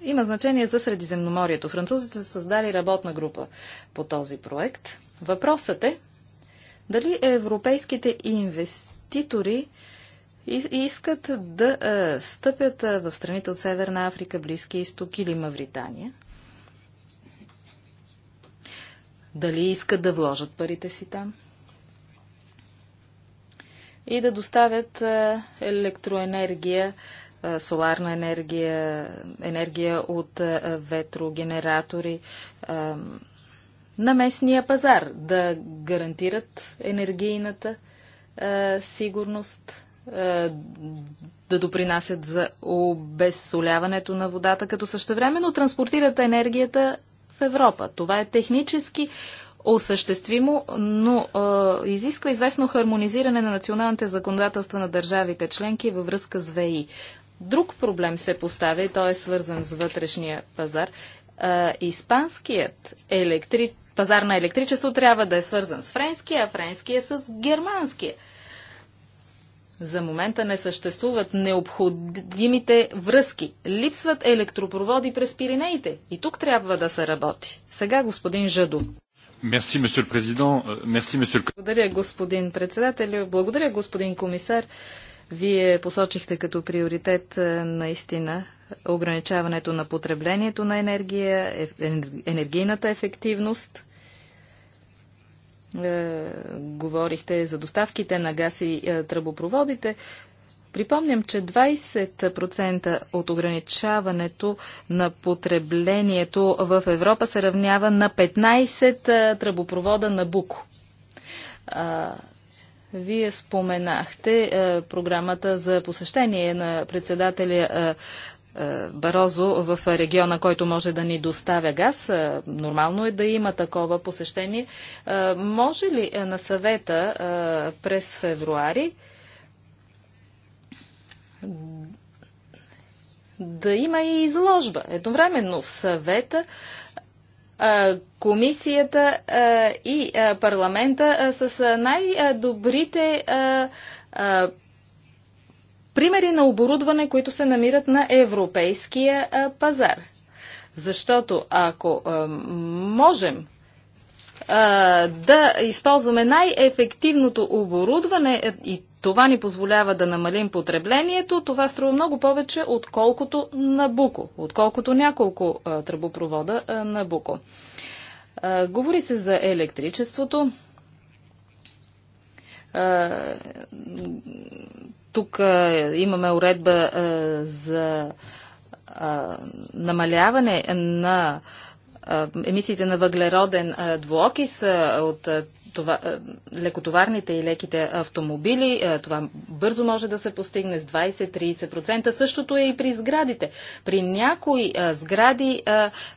има значение за Средиземноморието. Французите са създали работна група по този проект. Въпросът е дали европейските инвеститори и искат да а, стъпят а, в страните от Северна Африка, Близки изток или Мавритания – дали искат да вложат парите си там и да доставят е, електроенергия, е, соларна енергия, енергия от е, ветрогенератори на местния пазар, да гарантират енергийната сигурност, да допринасят за обезсоляването на водата, като същевременно транспортират енергията в Европа. Това е технически осъществимо, но е, изисква известно хармонизиране на националните законодателства на държавите членки във връзка с ВИ. Друг проблем се поставя и той е свързан с вътрешния пазар. Е, испанският електри... пазар на електричество трябва да е свързан с френския, а френския с германския. За момента не съществуват необходимите връзки. Липсват електропроводи през Пиренеите. И тук трябва да се работи. Сега господин Жадо. Мерси, президент. Мерси, Благодаря, господин председател. Благодаря, господин комисар. Вие посочихте като приоритет е, наистина ограничаването на потреблението на енергия, е, е, енергийната ефективност е, говорихте за доставките на газ и е, тръбопроводите. Припомням, че 20% от ограничаването на потреблението в Европа се равнява на 15 е, тръбопровода на Буко. вие споменахте програмата за посещение на председателя Барозо в региона, който може да ни доставя газ. Нормално е да има такова посещение. Може ли е, на съвета през февруари да има и изложба едновременно в съвета, комисията и парламента с най-добрите примери на оборудване, които се намират на европейския пазар. Защото ако можем да използваме най-ефективното оборудване е, и това ни позволява да намалим потреблението, това струва много повече, отколкото на буко, отколкото няколко тръбопровода на буко. говори се за електричеството. Тук имаме уредба за намаляване на емисиите на въглероден двуокис от това, лекотоварните и леките автомобили. Това бързо може да се постигне с 20-30%. Същото е и при сградите. При някои сгради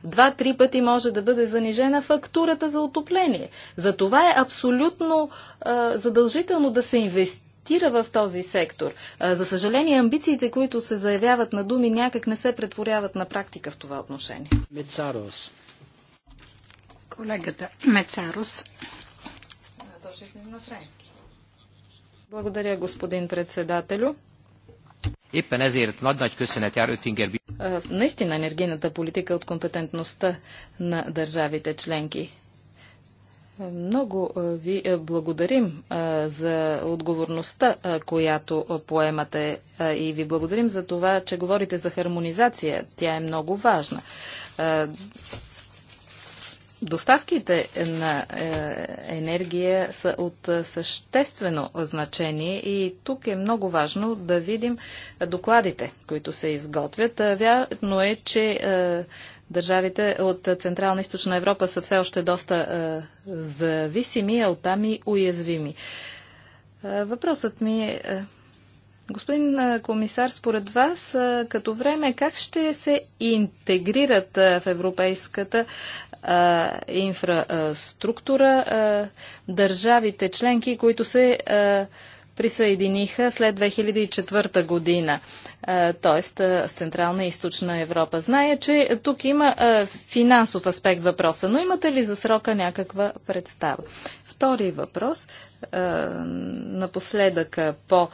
2-3 пъти може да бъде занижена фактурата за отопление. За това е абсолютно задължително да се инвестира инвестира в този сектор. За съжаление, амбициите, които се заявяват на думи, някак не се претворяват на практика в това отношение. Мецарос. Колегата Мецарос. Благодаря, господин председателю. Éppen ezért nagy-nagy köszönet jár Наистина енергийната политика е от компетентността на държавите членки. Много е, ви е, благодарим е, за отговорността, която поемате и ви благодарим за това, че говорите за хармонизация. Тя е много важна. Доставките на енергия са от съществено значение и тук е много важно да видим докладите, които се изготвят. Вярно е, че Държавите от Централна Източна Европа са все още доста е, зависими, а оттам и уязвими. Е, въпросът ми е, е господин е, комисар, според вас е, като време как ще се интегрират е, в европейската е, инфраструктура е, държавите членки, които се е, присъединиха след 2004 година, т.е. в Централна и Източна Европа. Зная, че тук има финансов аспект въпроса, но имате ли за срока някаква представа? Втори въпрос, напоследък по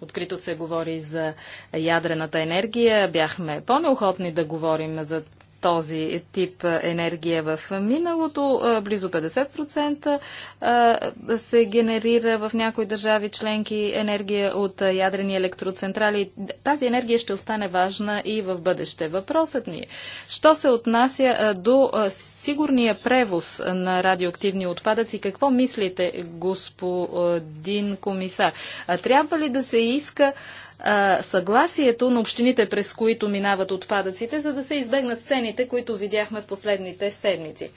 Открито се говори за ядрената енергия. Бяхме по-неохотни да говорим за този тип енергия в миналото. Близо 50% се генерира в някои държави членки енергия от ядрени електроцентрали. Тази енергия ще остане важна и в бъдеще. Въпросът ни е, що се отнася до сигурния превоз на радиоактивни отпадъци, какво мислите, господин комисар? Трябва ли да се иска а, съгласието на общините, през които минават отпадъците, за да се избегнат сцените, които видяхме в последните седмици.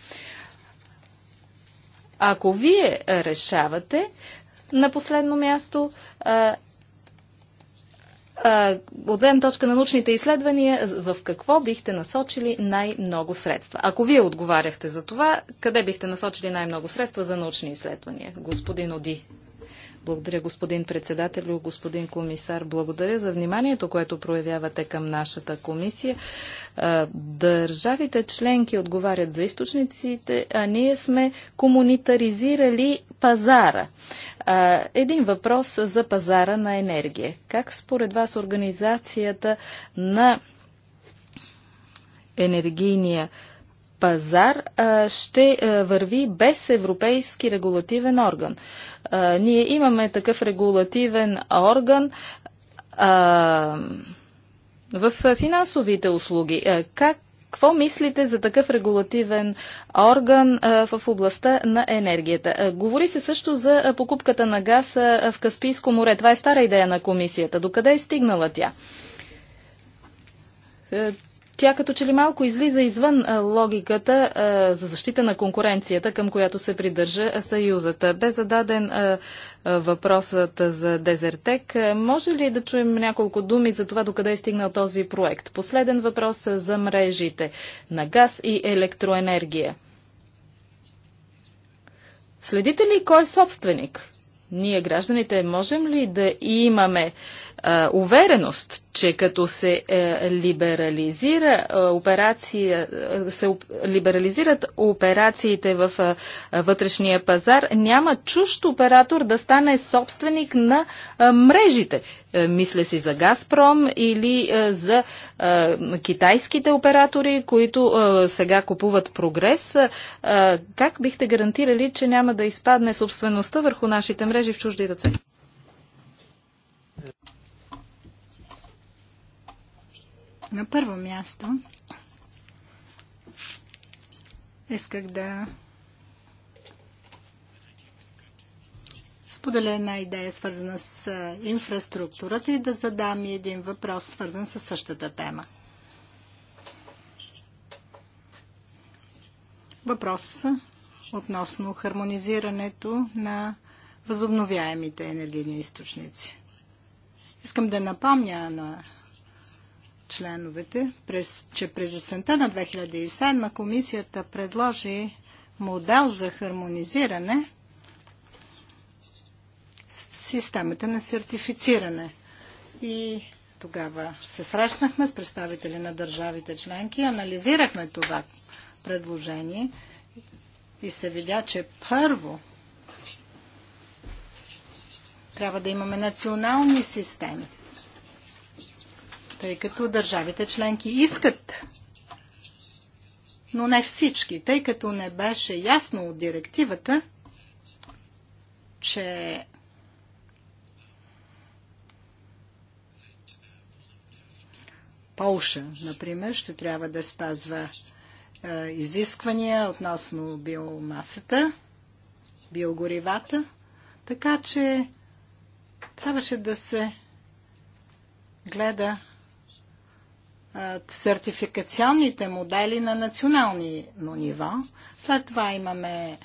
Ако вие решавате, на последно място, а, а, от една точка на научните изследвания, в какво бихте насочили най-много средства? Ако вие отговаряхте за това, къде бихте насочили най-много средства за научни изследвания? Господин Оди благодаря, господин председател, господин комисар. Благодаря за вниманието, което проявявате към нашата комисия. Държавите членки отговарят за източниците, а ние сме комунитаризирали пазара. Един въпрос за пазара на енергия. Как според вас организацията на енергийния пазар пазар ще върви без европейски регулативен орган. Ние имаме такъв регулативен орган в финансовите услуги. Как какво мислите за такъв регулативен орган в областта на енергията? говори се също за покупката на газ в Каспийско море. Това е стара идея на комисията. Докъде е стигнала тя? Тя като че ли малко излиза извън логиката за защита на конкуренцията, към която се придържа Съюзът. Бе зададен въпросът за Дезертек. Може ли да чуем няколко думи за това докъде е стигнал този проект? Последен въпрос за мрежите на газ и електроенергия. Следите ли кой е собственик? Ние, гражданите, можем ли да имаме а, увереност, че като се е, либерализира операция, се оп, либерализират операциите в вътрешния пазар, няма чущ оператор да стане собственик на мрежите. Е, мисля си за Газпром или е, за китайските оператори, които сега купуват прогрес. как бихте гарантирали, че няма да изпадне собствеността върху нашите мрежи в чужди ръце? На първо място исках да споделя една идея, свързана с инфраструктурата и да задам и един въпрос, свързан с същата тема. Въпрос относно хармонизирането на възобновяемите енергийни източници. Искам да напомня на членовете, през, че през есента на 2007 комисията предложи модел за хармонизиране с системата на сертифициране. И тогава се срещнахме с представители на държавите членки, анализирахме това предложение и се видя, че първо трябва да имаме национални системи тъй като държавите членки искат, но не всички, тъй като не беше ясно от директивата, че Полша, например, ще трябва да спазва е, изисквания относно биомасата, биогоривата, така че трябваше да се гледа сертификационните модели на национални ниво. След това имаме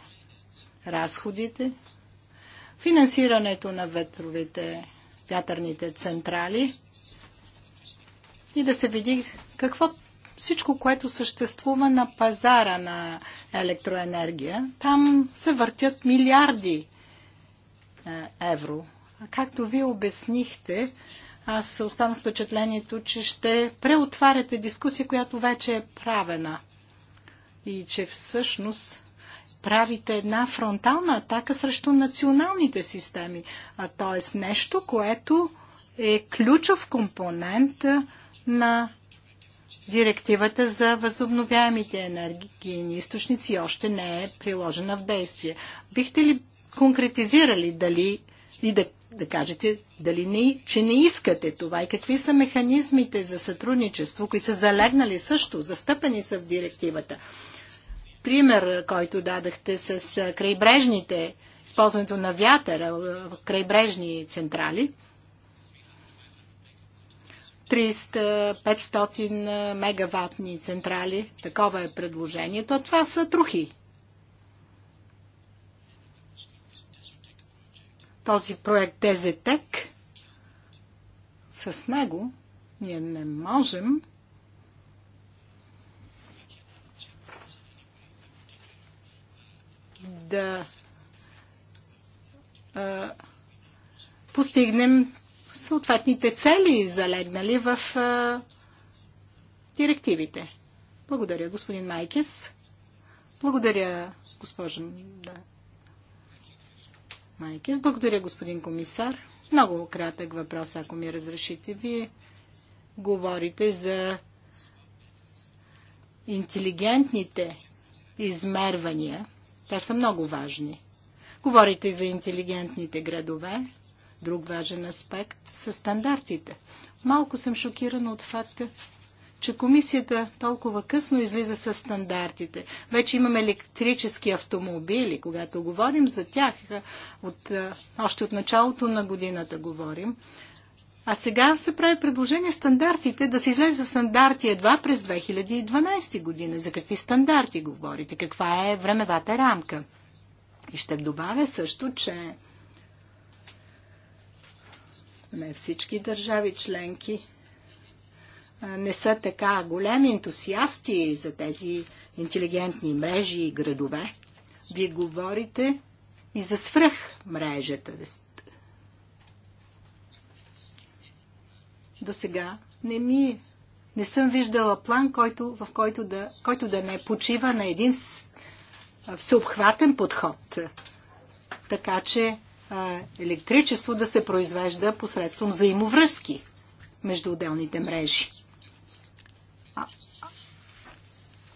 разходите, финансирането на ветровите вятърните централи и да се види какво всичко, което съществува на пазара на електроенергия. Там се въртят милиарди евро. А както вие обяснихте, аз останах с впечатлението, че ще преотваряте дискусия, която вече е правена. И че всъщност правите една фронтална атака срещу националните системи. А т.е. нещо, което е ключов компонент на директивата за възобновяемите енергийни източници още не е приложена в действие. Бихте ли конкретизирали дали и да да кажете дали не, че не искате това и какви са механизмите за сътрудничество, които са залегнали също, застъпени са в директивата. Пример, който дадахте с крайбрежните, използването на вятъра в крайбрежни централи. 300-500 мегаватни централи, такова е предложението. Това са трохи този проект Дезетек, С него ние не можем да а, постигнем съответните цели, залегнали в а, директивите. Благодаря, господин Майкес. Благодаря, госпожо Майкис. Благодаря, господин комисар. Много кратък въпрос, ако ми разрешите. Вие говорите за интелигентните измервания. Те са много важни. Говорите за интелигентните градове. Друг важен аспект са стандартите. Малко съм шокирана от факта, че комисията толкова късно излиза с стандартите. Вече имаме електрически автомобили, когато говорим за тях, е, от, е, още от началото на годината говорим. А сега се прави предложение стандартите да се излезе за стандарти едва през 2012 година. За какви стандарти говорите? Каква е времевата рамка? И ще добавя също, че не всички държави членки не са така големи ентусиасти за тези интелигентни мрежи и градове. Вие говорите и за свръх мрежата. До сега не ми не съм виждала план, който, в който да, който да не почива на един всеобхватен подход. Така че а, електричество да се произвежда посредством взаимовръзки между отделните мрежи.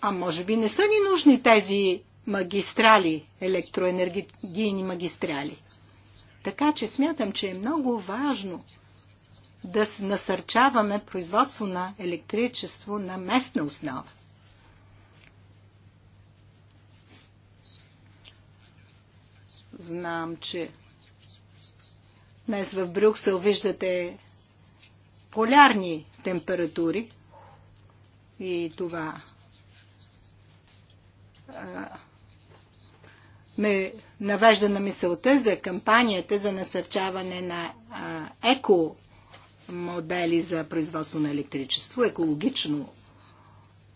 А може би не са ни нужни тези магистрали, електроенергийни магистрали. Така че смятам, че е много важно да насърчаваме производство на електричество на местна основа. Знам, че днес в Брюксел виждате полярни температури и това ме навежда на мисълта за кампанията за насърчаване на еко модели за производство на електричество, екологично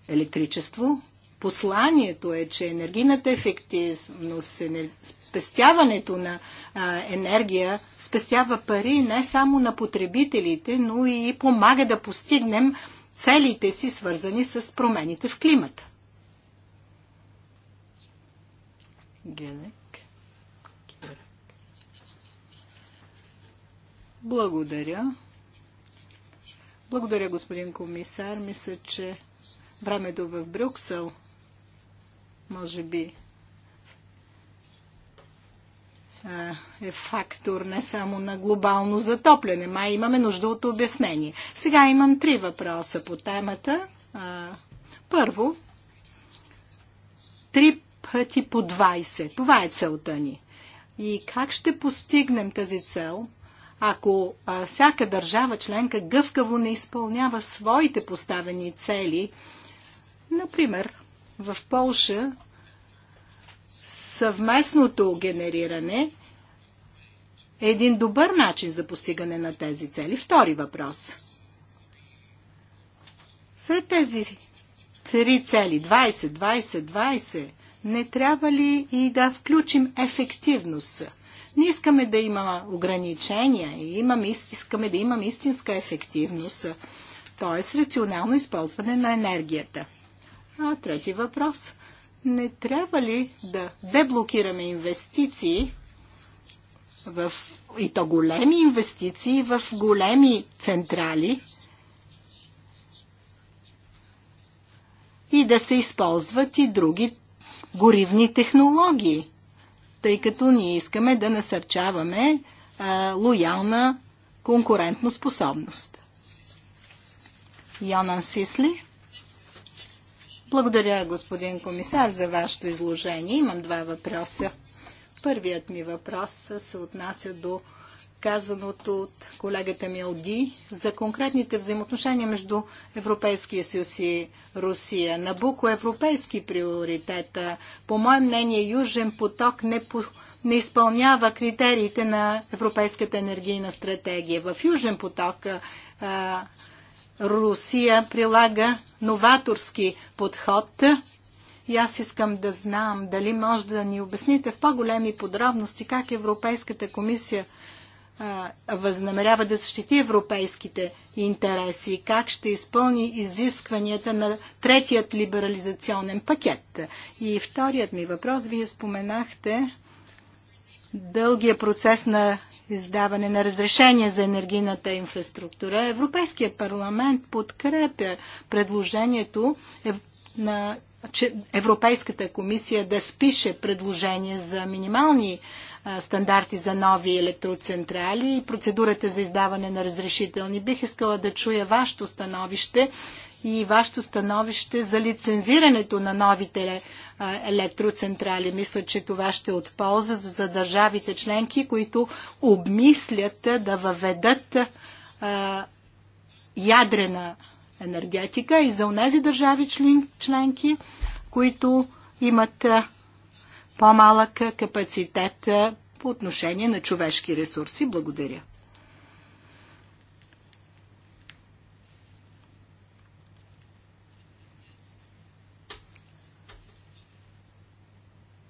електричество. Посланието е, че енергийната ефективност, спестяването на а, енергия спестява пари не само на потребителите, но и помага да постигнем целите си, свързани с промените в климата. Генек. Кирък. Благодаря. Благодаря, господин комисар. Мисля, че времето в Брюксел може би е фактор не само на глобално затопляне. ма имаме нужда от обяснение. Сега имам три въпроса по темата. Първо, три пъти по 20. Това е целта ни. И как ще постигнем тази цел, ако а, всяка държава членка гъвкаво не изпълнява своите поставени цели? Например, в Полша съвместното генериране е един добър начин за постигане на тези цели. Втори въпрос. Сред тези три цели 20, 20, 20 не трябва ли и да включим ефективност? Не искаме да има ограничения, имам, искаме да имаме истинска ефективност, т.е. рационално използване на енергията. А трети въпрос. Не трябва ли да деблокираме инвестиции в, и то големи инвестиции в големи централи, и да се използват и други горивни технологии, тъй като ние искаме да насърчаваме а, лоялна конкурентно способност. Йонан Сисли. Благодаря, господин комисар, за вашето изложение. Имам два въпроса. Първият ми въпрос се отнася до казаното от колегата ми Алди за конкретните взаимоотношения между Европейския съюз и Русия. Набуко европейски приоритет. По мое мнение, Южен поток не, по, не изпълнява критериите на Европейската енергийна стратегия. В Южен поток а, Русия прилага новаторски подход и аз искам да знам дали може да ни обясните в по-големи подробности как Европейската комисия – възнамерява да защити европейските интереси, как ще изпълни изискванията на третият либерализационен пакет. И вторият ми въпрос, вие споменахте дългия процес на издаване на разрешение за енергийната инфраструктура. Европейският парламент подкрепя предложението на Европейската комисия да спише предложение за минимални стандарти за нови електроцентрали и процедурата за издаване на разрешителни. Бих искала да чуя вашето становище и вашето становище за лицензирането на новите електроцентрали. Мисля, че това ще отполза е от полза за държавите членки, които обмислят да въведат ядрена енергетика и за унези държави членки, които имат по-малък капацитет по отношение на човешки ресурси. Благодаря.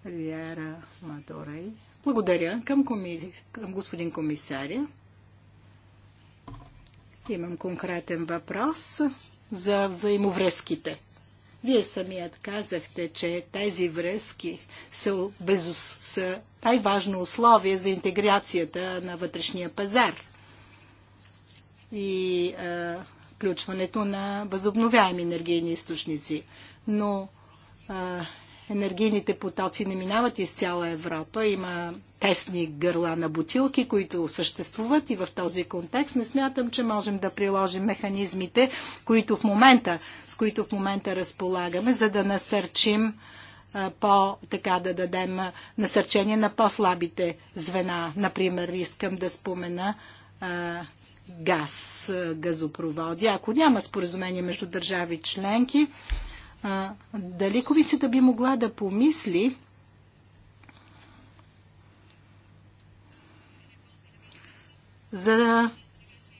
Риера Мадорей. Благодаря към, коми... към господин комисаря. Имам конкретен въпрос за взаимовръзките вие самият казахте, че тези връзки са, безус... са най-важно условие за интеграцията на вътрешния пазар и а, включването на възобновяеми енергийни източници. Но а, енергийните потоци не минават из цяла Европа. Има тесни гърла на бутилки, които съществуват и в този контекст не смятам, че можем да приложим механизмите, които в момента, с които в момента разполагаме, за да насърчим по, така да дадем насърчение на по-слабите звена. Например, искам да спомена газ, газопроводи. Ако няма споразумение между държави членки, а, дали комисията би могла да помисли за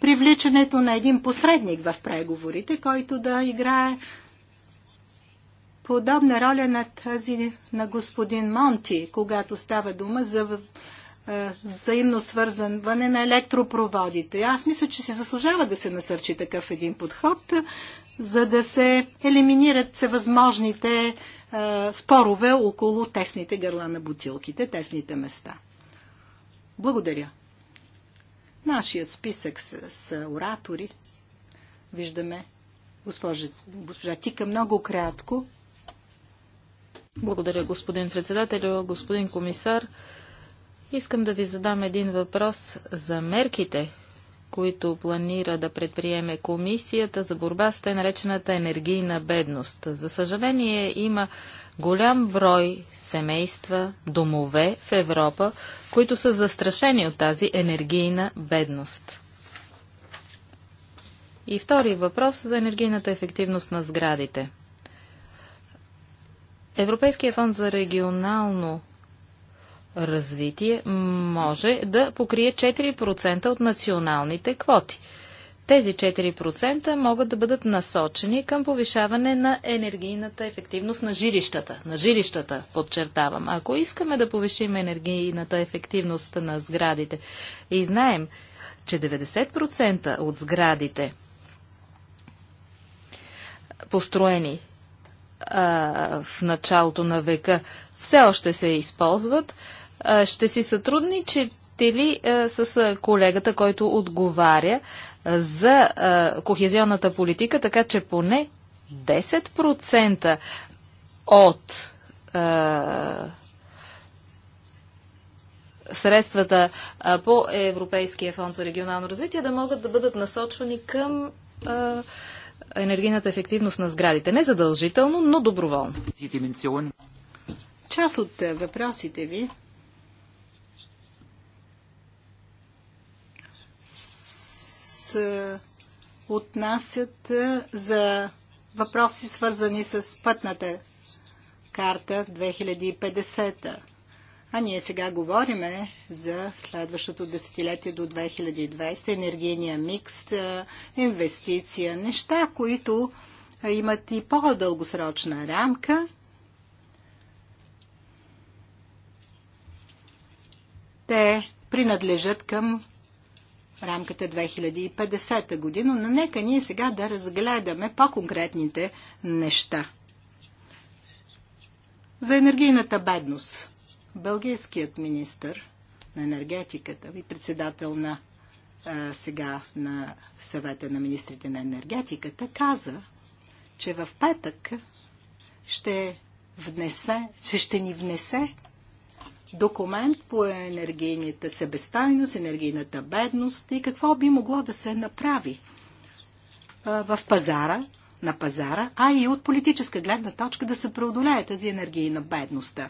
привличането на един посредник в преговорите, който да играе подобна роля на тази на господин Монти, когато става дума за е, взаимно свързване на електропроводите. Аз мисля, че се заслужава да се насърчи такъв един подход, е, за да се елиминират всевъзможните е, спорове около тесните гърла на бутилките, тесните места. Благодаря. Нашият списък с, с оратори. Виждаме госпожа, госпожа Тика много кратко. Благодаря, господин председател, господин комисар. Искам да ви задам един въпрос за мерките, които планира да предприеме комисията за борба с тъй наречената енергийна бедност. За съжаление има голям брой семейства, домове в Европа, които са застрашени от тази енергийна бедност. И втори въпрос за енергийната ефективност на сградите. Европейския фонд за регионално развитие може да покрие 4% от националните квоти. Тези 4% могат да бъдат насочени към повишаване на енергийната ефективност на жилищата. На жилищата, подчертавам. Ако искаме да повишим енергийната ефективност на сградите и знаем, че 90% от сградите, построени а, в началото на века, все още се използват, ще си сътрудничите ли с колегата, който отговаря за кохезионната политика, така че поне 10% от средствата по Европейския фонд за регионално развитие да могат да бъдат насочвани към а, енергийната ефективност на сградите. Не задължително, но доброволно. Част от въпросите ви се отнасят за въпроси, свързани с пътната карта 2050. А ние сега говориме за следващото десетилетие до 2020, енергийния микс, инвестиция, неща, които имат и по-дългосрочна рамка. Те принадлежат към рамката 2050 година, но нека ние сега да разгледаме по-конкретните неща. За енергийната бедност. Бългийският министр на енергетиката и председател на а, сега на съвета на министрите на енергетиката каза, че в петък ще внесе, че ще ни внесе документ по енергийната себестайност, енергийната бедност и какво би могло да се направи в пазара, на пазара, а и от политическа гледна точка да се преодолее тази енергийна бедност.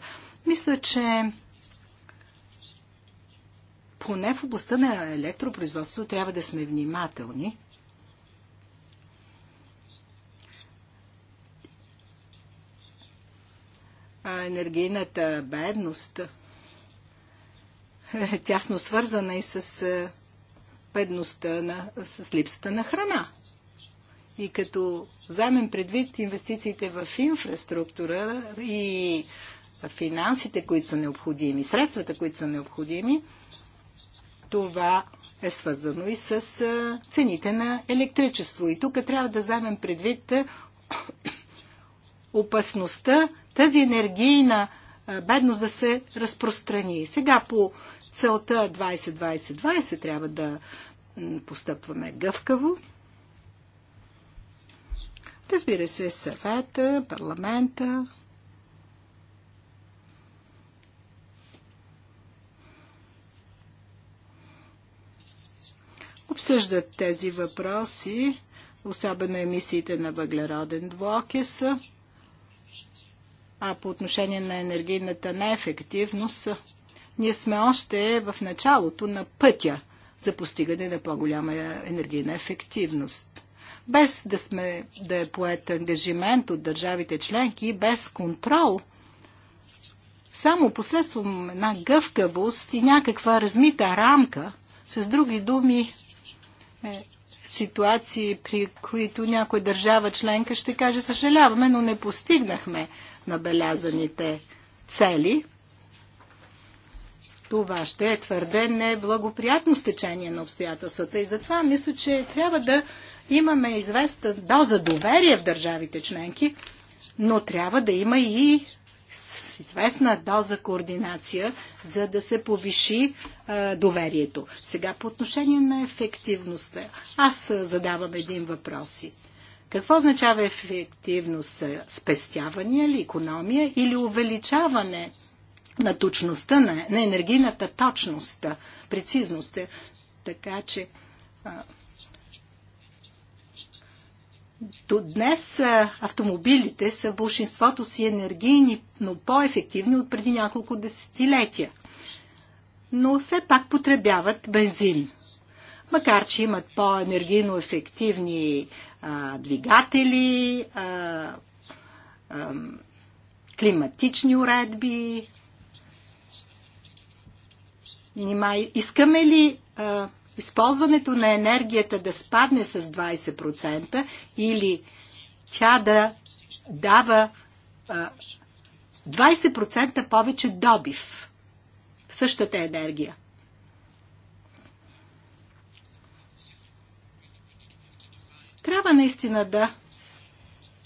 Мисля, че поне в областта на електропроизводството трябва да сме внимателни. енергийната бедност – тясно свързана и с е, бедността, на, с липсата на храна. И като вземем предвид инвестициите в инфраструктура и финансите, които са необходими, средствата, които са необходими, това е свързано и с е, цените на електричество. И тук трябва да вземем предвид е, опасността тази енергийна бедност да се разпространи. Сега по целта 20-20-20 трябва да постъпваме гъвкаво. Разбира се, съвета, парламента, обсъждат тези въпроси, особено емисиите на въглероден двуокис, а по отношение на енергийната неефективност ние сме още в началото на пътя за постигане на по-голяма енергийна ефективност. Без да, сме, да е поет ангажимент от държавите членки, без контрол само посредством една гъвкавост и някаква размита рамка, с други думи, е, ситуации, при които някоя държава членка ще каже съжаляваме, но не постигнахме набелязаните цели това ще е твърде неблагоприятно стечение на обстоятелствата. И затова мисля, че трябва да имаме известна доза доверие в държавите членки, но трябва да има и известна доза координация, за да се повиши а, доверието. Сега по отношение на ефективността. Аз задавам един въпрос. Какво означава ефективност? Спестяване ли, економия или увеличаване на точността, на, на енергийната точност, прецизност. Така че до днес автомобилите са в большинството си енергийни, но по-ефективни от преди няколко десетилетия. Но все пак потребяват бензин. Макар, че имат по-енергийно ефективни а, двигатели, а, а, климатични уредби, Нима, искаме ли а, използването на енергията да спадне с 20% или тя да дава а, 20% повече добив в същата енергия? Трябва наистина да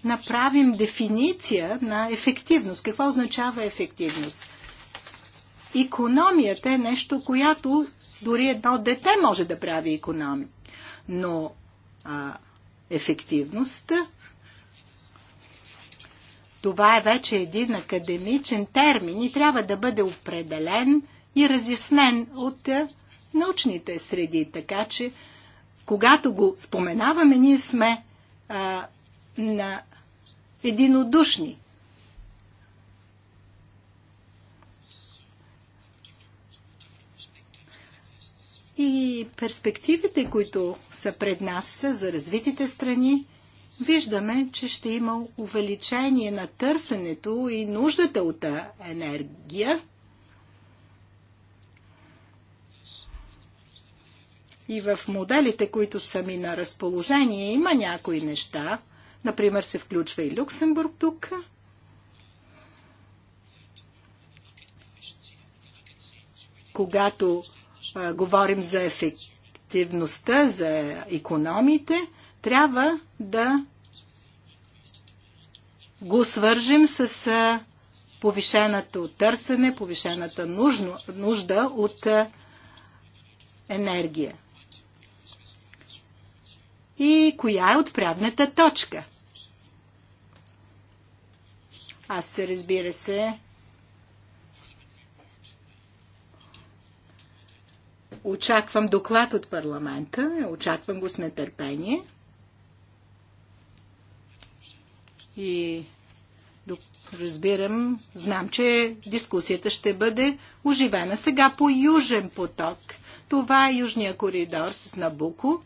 направим дефиниция на ефективност. Какво означава ефективност? Икономията е нещо, която дори едно дете може да прави економи. Но а, ефективността, това е вече един академичен термин и трябва да бъде определен и разяснен от научните среди. Така че, когато го споменаваме, ние сме а, на единодушни и перспективите, които са пред нас за развитите страни, виждаме, че ще има увеличение на търсенето и нуждата от енергия. И в моделите, които са ми на разположение, има някои неща. Например, се включва и Люксембург тук. Когато говорим за ефективността, за економите, трябва да го свържим с повишената повишеното търсене, повишената нужда от енергия. И коя е отправната точка? Аз се разбира се Очаквам доклад от парламента, очаквам го с нетърпение. И разбирам, знам, че дискусията ще бъде оживена сега по Южен поток. Това е Южния коридор с Набуко.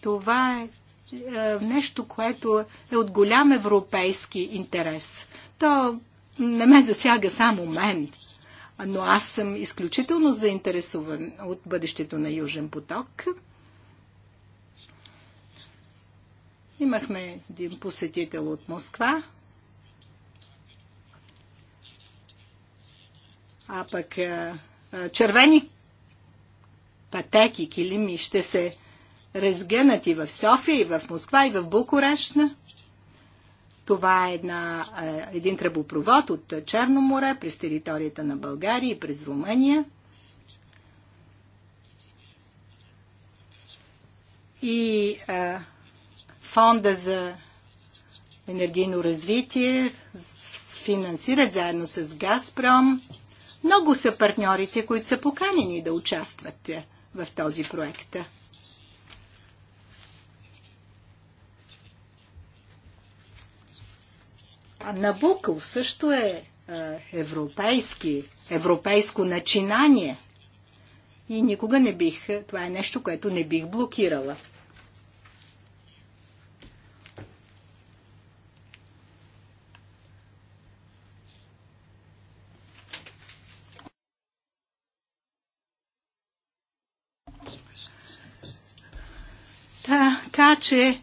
Това е, е нещо, което е от голям европейски интерес. То не ме засяга само мен но аз съм изключително заинтересуван от бъдещето на Южен поток. Имахме един посетител от Москва, а пък червени пътеки, килими ще се разгънат и в София, и в Москва, и в Букурешна. Това е една, е, един тръбопровод от Черно море през територията на България и през Румъния. И а, е, фонда за енергийно развитие финансират заедно с Газпром. Много са партньорите, които са поканени да участват в този проект. Набуков също е, е европейски, европейско начинание. И никога не бих, това е нещо, което не бих блокирала. Така че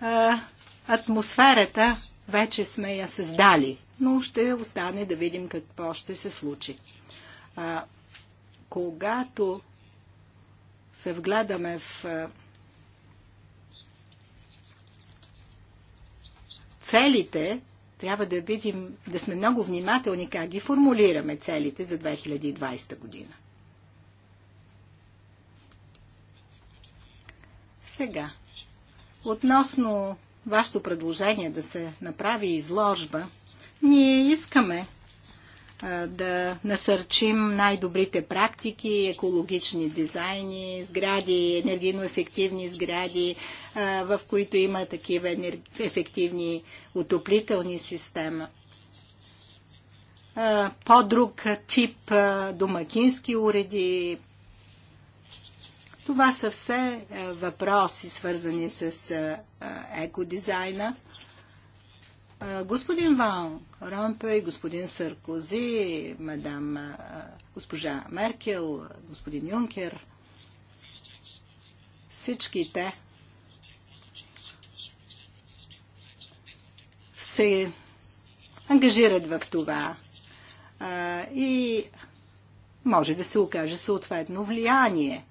а, атмосферата вече сме я създали, но ще остане да видим какво ще се случи. А, когато се вгледаме в целите, трябва да видим, да сме много внимателни как ги формулираме целите за 2020 година. Сега, относно вашето предложение да се направи изложба, ние искаме да насърчим най-добрите практики, екологични дизайни, сгради, енергийно ефективни сгради, в които има такива ефективни отоплителни системи. По-друг тип домакински уреди, това са все е, въпроси, свързани с е, е, екодизайна. Господин Ван Ромпе, господин Саркози, мадам, госпожа Меркел, господин Юнкер, всички те се ангажират в това и може да се окаже съответно влияние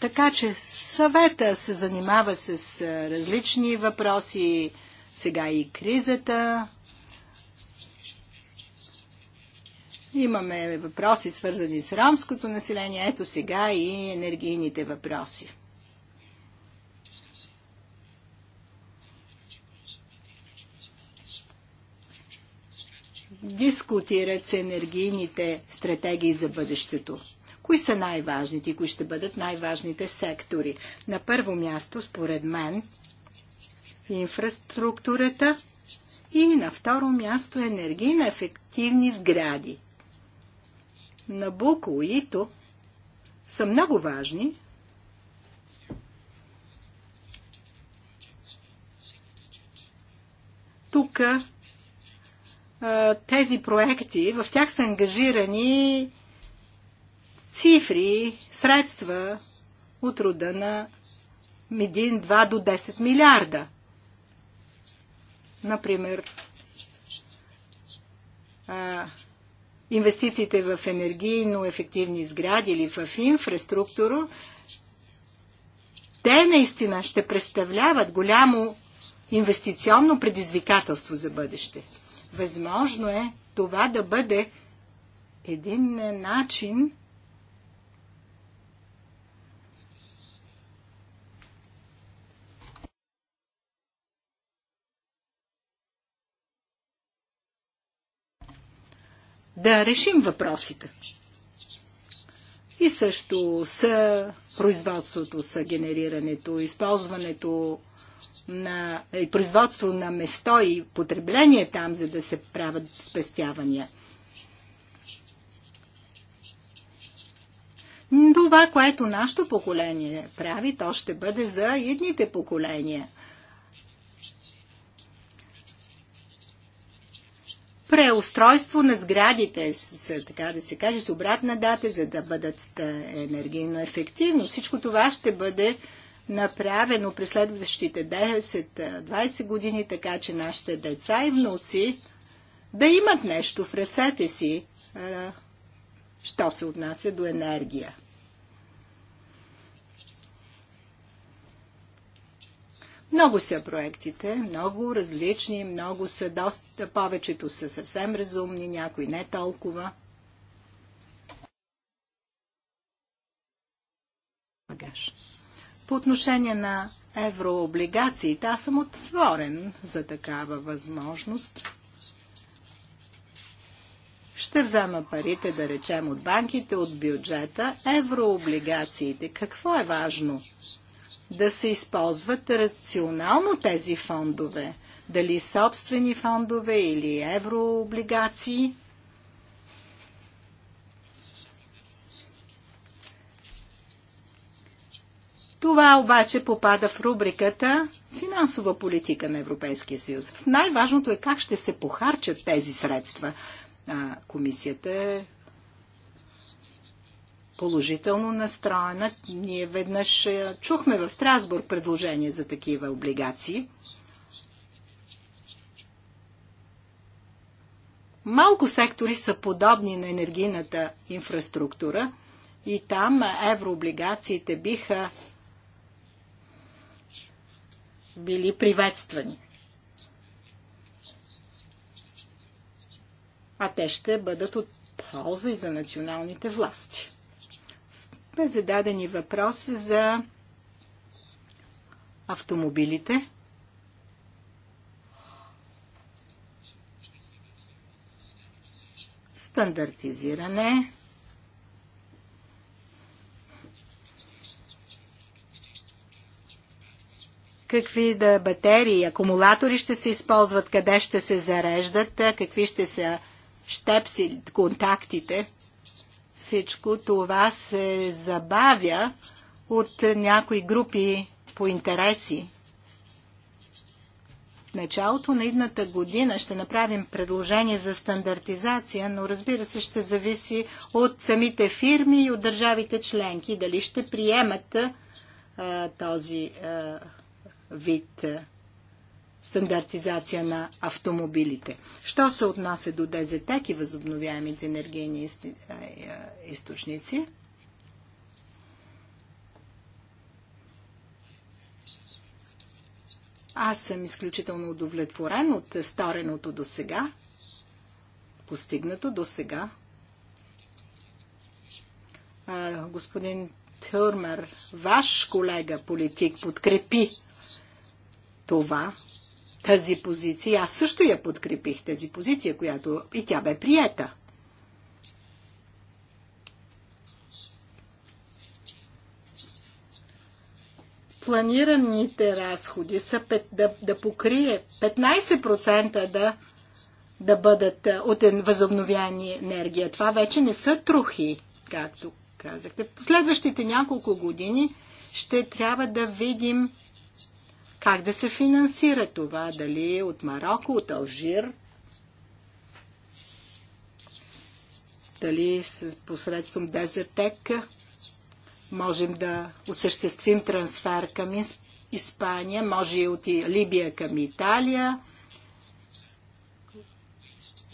Така че съвета се занимава с различни въпроси, сега и кризата. Имаме въпроси свързани с ромското население, ето сега и енергийните въпроси. дискутират се енергийните стратегии за бъдещето. Кои са най-важните и кои ще бъдат най-важните сектори? На първо място, според мен, инфраструктурата и на второ място енергийно ефективни сгради. Буко и ИТО са много важни, тук тези проекти, в тях са ангажирани цифри, средства от рода на 1, 2 до 10 милиарда. Например, а, инвестициите в енергийно ефективни сгради или в инфраструктура, те наистина ще представляват голямо инвестиционно предизвикателство за бъдеще. Възможно е това да бъде един начин да решим въпросите. И също с производството, с генерирането, използването на и производство на место и потребление там, за да се правят спестявания. Това, което нашето поколение прави, то ще бъде за едните поколения – преустройство на сградите, с, така да се каже, с обратна дата, за да бъдат е, енергийно ефективни. Всичко това ще бъде направено през следващите 10-20 е, години, така че нашите деца и внуци да имат нещо в ръцете си, е, що се отнася до енергия. Много са проектите, много различни, много са доста, повечето са съвсем разумни, някои не толкова. По отношение на еврооблигациите, аз съм отворен за такава възможност. Ще взема парите, да речем, от банките, от бюджета, еврооблигациите. Какво е важно? да се използват рационално тези фондове. Дали собствени фондове или еврооблигации. Това обаче попада в рубриката финансова политика на Европейския съюз. Най-важното е как ще се похарчат тези средства. комисията комисията положително настроена. Ние веднъж е, чухме в Страсбург предложение за такива облигации. Малко сектори са подобни на енергийната инфраструктура и там еврооблигациите биха били приветствани. А те ще бъдат от полза и за националните власти бяха зададени въпрос за автомобилите. Стандартизиране. какви да батерии, акумулатори ще се използват, къде ще се зареждат, какви ще са щепси, контактите всичко това се забавя от някои групи по интереси. В началото на идната година ще направим предложение за стандартизация, но разбира се ще зависи от самите фирми и от държавите членки, дали ще приемат а, този а, вид а, стандартизация на автомобилите. Що се отнася до ДЗТЕК и възобновяемите енергийни източници? Аз съм изключително удовлетворен от стореното до сега, постигнато до сега. Господин Тюрмер, ваш колега политик, подкрепи това тази позиция. Аз също я подкрепих тази позиция, която и тя бе приета. Планираните разходи са пет, да, да покрие 15% да, да бъдат от възобновяни енергия. Това вече не са трохи, както казахте. Последващите няколко години ще трябва да видим как да се финансира това? Дали от Марокко, от Алжир? Дали посредством Дезертек можем да осъществим трансфер към Испания, може и от Либия към Италия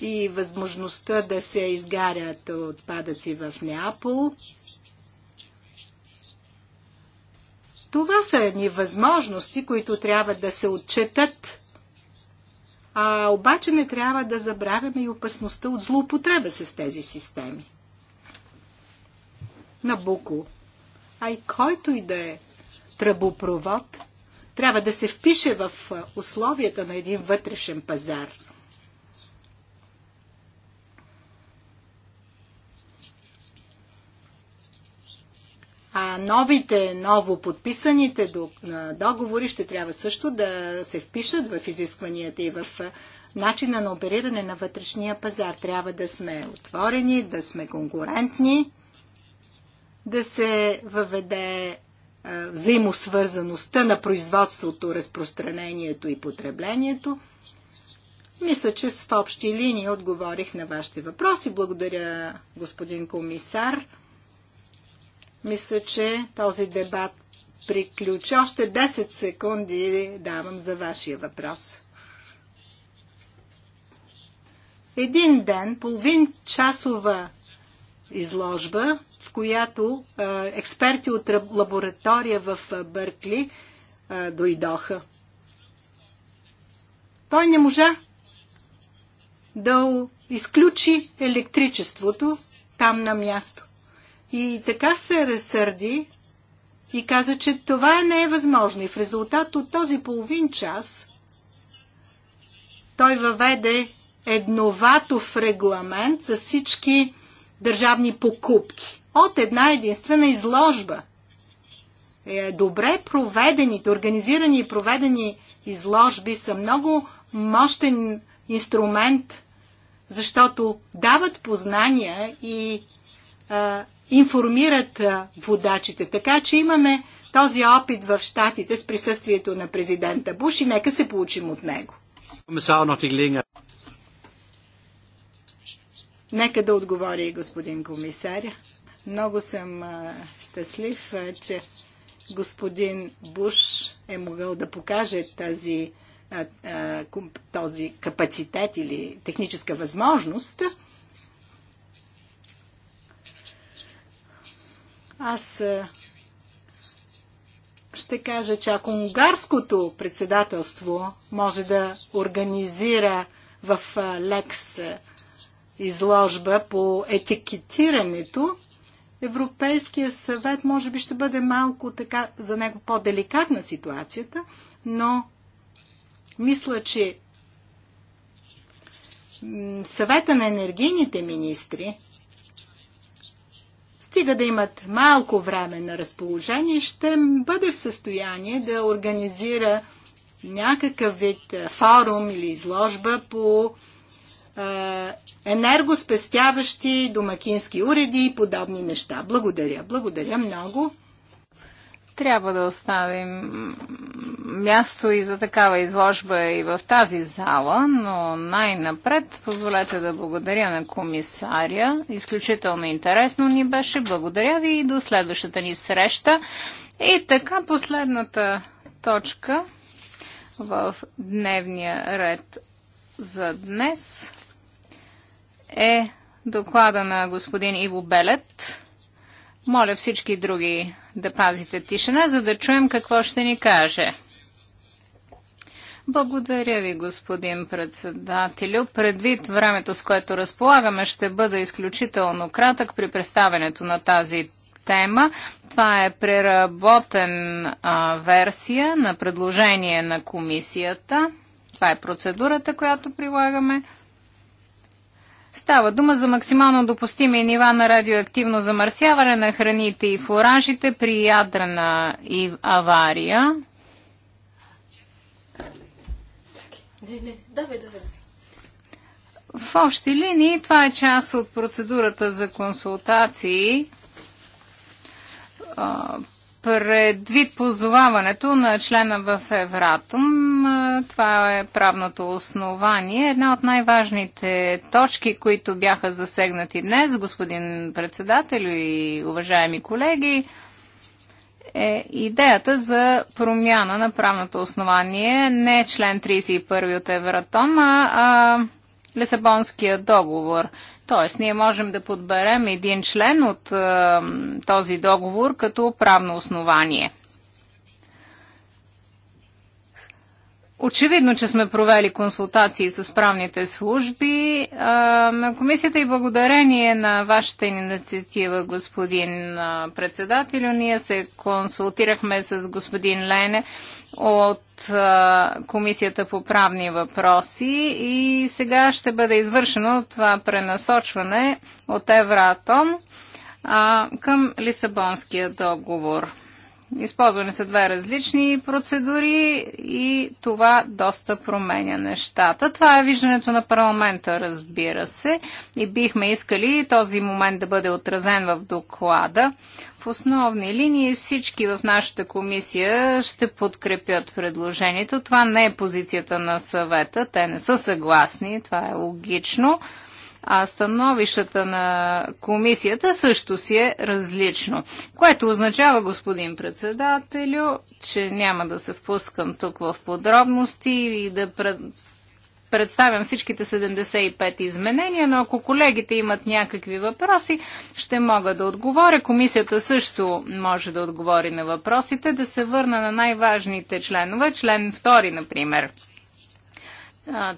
и възможността да се изгарят отпадъци в Неапол това са едни възможности, които трябва да се отчетат. А, обаче не трябва да забравяме и опасността от злоупотреба с тези системи. Набуко, а и който и да е тръбопровод, трябва да се впише в условията на един вътрешен пазар – А новите, ново подписаните договори ще трябва също да се впишат в изискванията и в начина на опериране на вътрешния пазар. Трябва да сме отворени, да сме конкурентни, да се въведе взаимосвързаността на производството, разпространението и потреблението. Мисля, че в общи линии отговорих на вашите въпроси. Благодаря, господин комисар. Мисля, че този дебат приключи. Още 10 секунди давам за вашия въпрос. Един ден, половин часова изложба, в която е, експерти от лаборатория в Бъркли е, дойдоха. Той не можа да изключи електричеството там на място. И така се разсърди и каза, че това не е възможно. И в резултат от този половин час той въведе едноватов регламент за всички държавни покупки. От една единствена изложба. Е, добре проведените, организирани и проведени изложби са много мощен инструмент, защото дават познания и информират водачите. Така че имаме този опит в щатите с присъствието на президента Буш и нека се получим от него. Нека да отговори господин комисаря. Много съм щастлив, че господин Буш е могъл да покаже тази, този капацитет или техническа възможност Аз ще кажа, че ако унгарското председателство може да организира в Лекс изложба по етикетирането, Европейския съвет може би ще бъде малко така за него по-деликатна ситуацията, но мисля, че съвета на енергийните министри стига да имат малко време на разположение, ще бъде в състояние да организира някакъв вид е, форум или изложба по е, енергоспестяващи домакински уреди и подобни неща. Благодаря. Благодаря много трябва да оставим място и за такава изложба и в тази зала, но най-напред позволете да благодаря на комисаря. Изключително интересно ни беше. Благодаря ви и до следващата ни среща. И така последната точка в дневния ред за днес е доклада на господин Иво Белет моля всички други да пазите тишина, за да чуем какво ще ни каже. Благодаря ви, господин председателю. Предвид времето, с което разполагаме, ще бъда изключително кратък при представенето на тази тема. Това е преработен а, версия на предложение на комисията. Това е процедурата, която прилагаме. Става дума за максимално допустими нива на радиоактивно замърсяване на храните и фуражите при ядрена и авария. В общи линии това е част от процедурата за консултации предвид позоваването на члена в Евратум, това е правното основание. Една от най-важните точки, които бяха засегнати днес, господин председател и уважаеми колеги, е идеята за промяна на правното основание, не член 31 от Евратом, а, а договор – Тоест, ние можем да подберем един член от е, този договор като правно основание – Очевидно, че сме провели консултации с правните служби на комисията и благодарение на вашата инициатива, господин председател, ние се консултирахме с господин Лене от Комисията по правни въпроси и сега ще бъде извършено това пренасочване от Евратом към Лисабонския договор. Използвани са две различни процедури и това доста променя нещата. Това е виждането на парламента, разбира се, и бихме искали този момент да бъде отразен в доклада. В основни линии всички в нашата комисия ще подкрепят предложението. Това не е позицията на съвета, те не са съгласни, това е логично а становищата на комисията също си е различно. Което означава, господин председателю, че няма да се впускам тук в подробности и да пред представям всичките 75 изменения, но ако колегите имат някакви въпроси, ще мога да отговоря. Комисията също може да отговори на въпросите, да се върна на най-важните членове, член 2, например.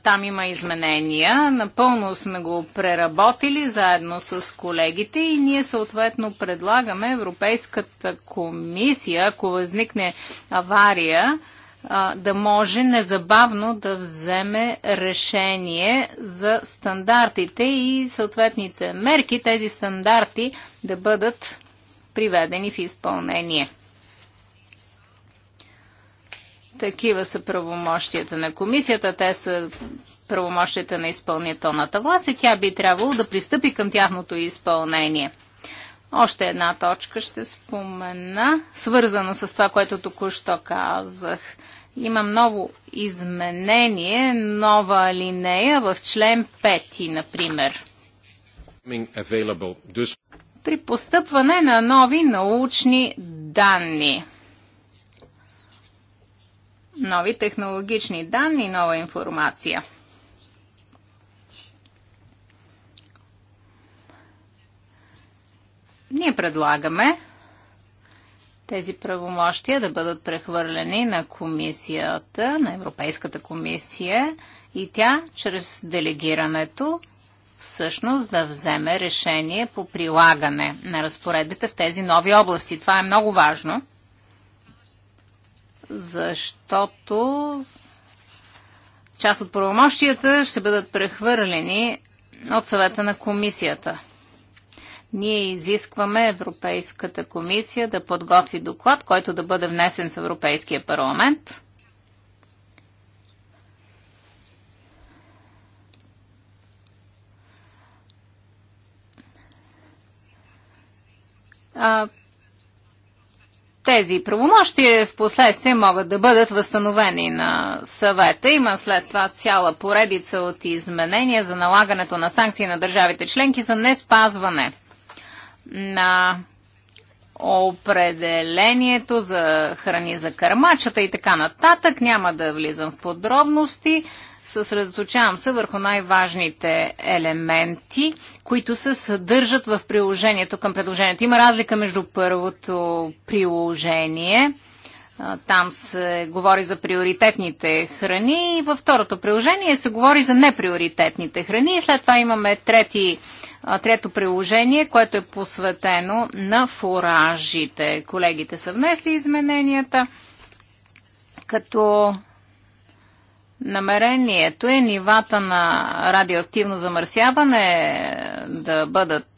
Там има изменения. Напълно сме го преработили заедно с колегите и ние съответно предлагаме Европейската комисия, ако възникне авария, да може незабавно да вземе решение за стандартите и съответните мерки, тези стандарти да бъдат приведени в изпълнение. Такива са правомощията на комисията, те са правомощията на изпълнителната власт и тя би трябвало да пристъпи към тяхното изпълнение. Още една точка ще спомена, свързана с това, което току-що казах. Има ново изменение, нова алинея в член 5, например. При постъпване на нови научни данни нови технологични данни, и нова информация. Ние предлагаме тези правомощия да бъдат прехвърлени на комисията, на Европейската комисия и тя чрез делегирането всъщност да вземе решение по прилагане на разпоредбите в тези нови области. Това е много важно защото част от правомощията ще бъдат прехвърлени от съвета на комисията. Ние изискваме Европейската комисия да подготви доклад, който да бъде внесен в Европейския парламент. А, тези правомощи в последствие могат да бъдат възстановени на съвета. Има след това цяла поредица от изменения за налагането на санкции на държавите членки за не спазване на определението за храни за кърмачата и така нататък. Няма да влизам в подробности. Съсредоточавам се върху най-важните елементи, които се съдържат в приложението към предложението. Има разлика между първото приложение. Там се говори за приоритетните храни. Във второто приложение се говори за неприоритетните храни. И след това имаме трети, трето приложение, което е посветено на фуражите. Колегите са внесли измененията, като Намерението е нивата на радиоактивно замърсяване да бъдат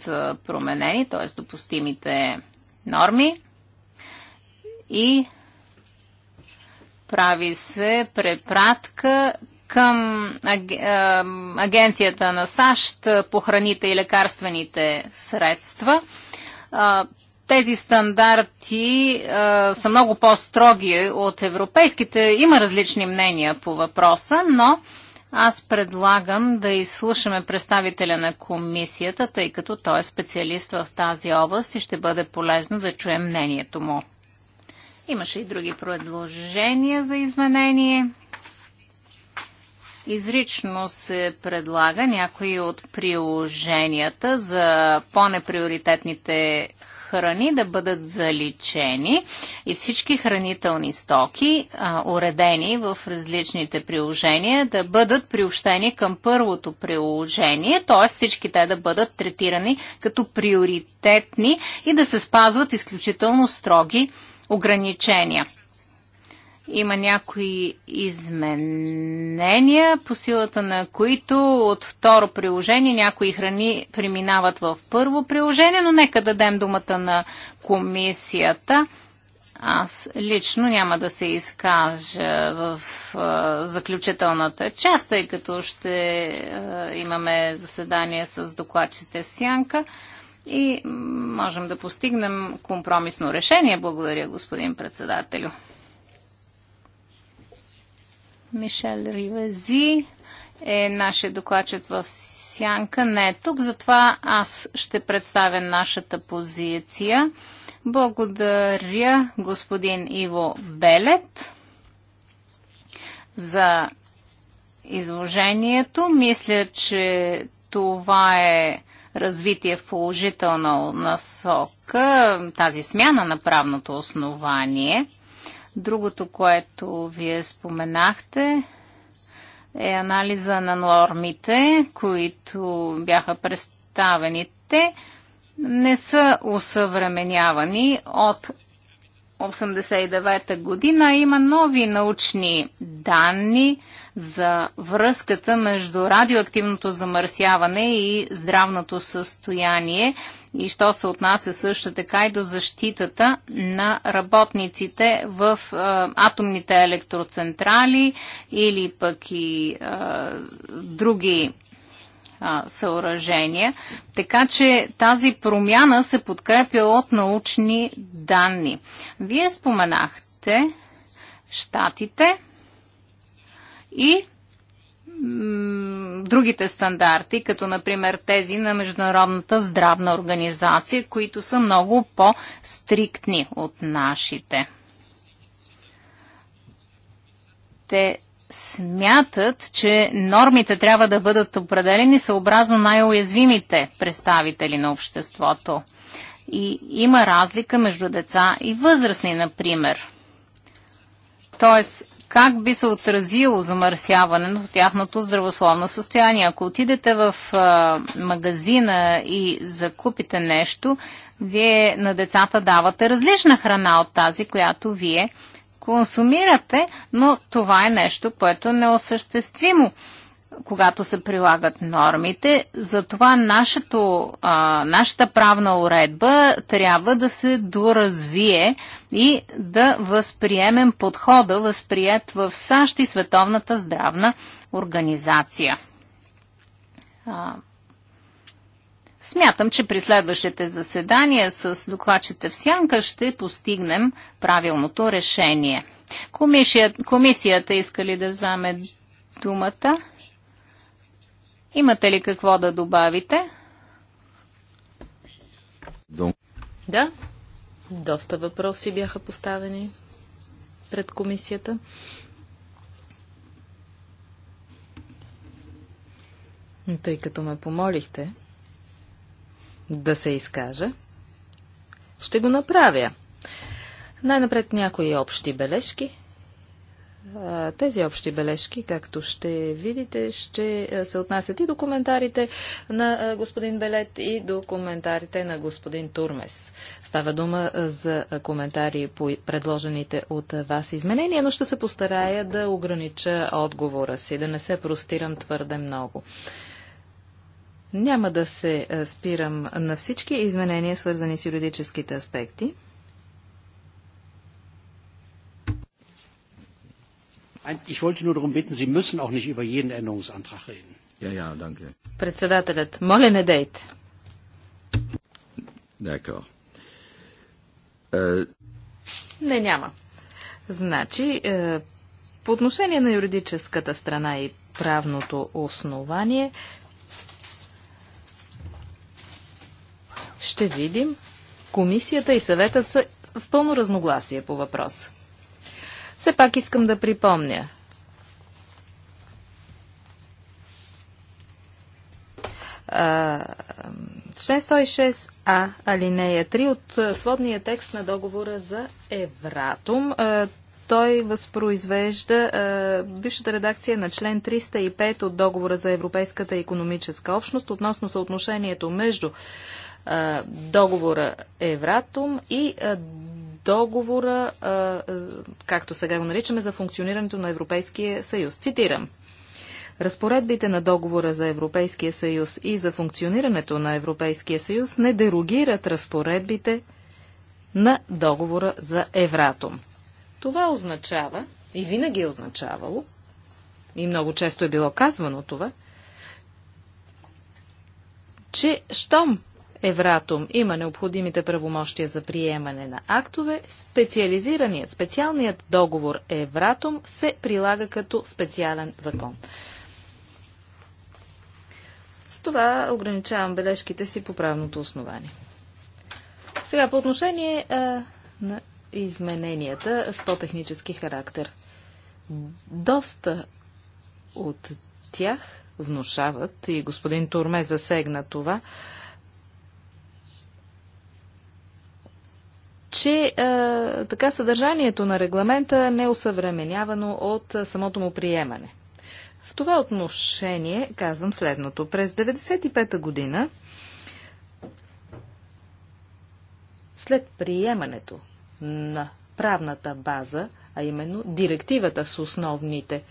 променени, т.е. допустимите норми и прави се препратка към агенцията на САЩ по храните и лекарствените средства тези стандарти а, са много по-строги от европейските. Има различни мнения по въпроса, но аз предлагам да изслушаме представителя на комисията, тъй като той е специалист в тази област и ще бъде полезно да чуем мнението му. Имаше и други предложения за изменение. Изрично се предлага някои от приложенията за по-неприоритетните храни да бъдат заличени и всички хранителни стоки, а, уредени в различните приложения, да бъдат приобщени към първото приложение, т.е. всички те да бъдат третирани като приоритетни и да се спазват изключително строги ограничения. Има някои изменения, по силата на които от второ приложение някои храни преминават в първо приложение, но нека дадем думата на комисията. Аз лично няма да се изкажа в а, заключителната част, тъй като ще а, имаме заседание с докладчите в Сянка и можем да постигнем компромисно решение. Благодаря, господин председателю. Мишел Ривази е нашия докладчик в Сянка. Не е тук, затова аз ще представя нашата позиция. Благодаря господин Иво Белет за изложението. Мисля, че това е развитие в положителна насока, тази смяна на правното основание – Другото, което вие споменахте, е анализа на нормите, които бяха представените, не са усъвременявани от 1989 година има нови научни данни за връзката между радиоактивното замърсяване и здравното състояние и що се отнася също така и до защитата на работниците в е, атомните електроцентрали или пък и е, други а, съоръжения, така че тази промяна се подкрепя от научни данни. Вие споменахте щатите и другите стандарти, като например тези на Международната здравна организация, които са много по-стриктни от нашите. Те смятат, че нормите трябва да бъдат определени съобразно най-уязвимите представители на обществото. И има разлика между деца и възрастни, например. Тоест, как би се отразило замърсяване на тяхното здравословно състояние. Ако отидете в а, магазина и закупите нещо, вие на децата давате различна храна от тази, която вие консумирате, но това е нещо, което е неосъществимо когато се прилагат нормите. Затова нашето, а, нашата правна уредба трябва да се доразвие и да възприемем подхода, възприят в САЩ и Световната здравна организация. А, Смятам, че при следващите заседания с докладчите в сянка ще постигнем правилното решение. Комисията, комисията иска ли да вземе думата? Имате ли какво да добавите? Да, доста въпроси бяха поставени пред комисията. Тъй като ме помолихте, да се изкажа, ще го направя. Най-напред някои общи бележки. Тези общи бележки, както ще видите, ще се отнасят и до коментарите на господин Белет и до коментарите на господин Турмес. Става дума за коментари по предложените от вас изменения, но ще се постарая да огранича отговора си, да не се простирам твърде много. Няма да се е, спирам на всички изменения, свързани с юридическите аспекти. Ich wollte nur darum bitten, Sie müssen auch nicht über jeden Änderungsantrag reden. Ja, ja, danke. Председателят, моля не дейт. D'accord. Е, не, няма. Значи, е, по отношение на юридическата страна и правното основание, ще видим, комисията и съветът са в пълно разногласие по въпроса. Все пак искам да припомня. член 106а, алинея 3 от сводния текст на договора за Евратум. той възпроизвежда бившата редакция на член 305 от договора за Европейската економическа общност относно съотношението между договора Евратум и договора, както сега го наричаме, за функционирането на Европейския съюз. Цитирам. Разпоредбите на договора за Европейския съюз и за функционирането на Европейския съюз не дерогират разпоредбите на договора за Евратум. Това означава, и винаги е означавало, и много често е било казвано това, че щом Евратум има необходимите правомощия за приемане на актове, специализираният, специалният договор Евратум се прилага като специален закон. С това ограничавам бележките си по правното основание. Сега по отношение а, на измененията с по-технически характер. Доста от тях внушават, и господин Турме засегна това, че е, така съдържанието на регламента не е осъвременявано от е, самото му приемане. В това отношение казвам следното. През 1995 година, след приемането на правната база, а именно директивата с основните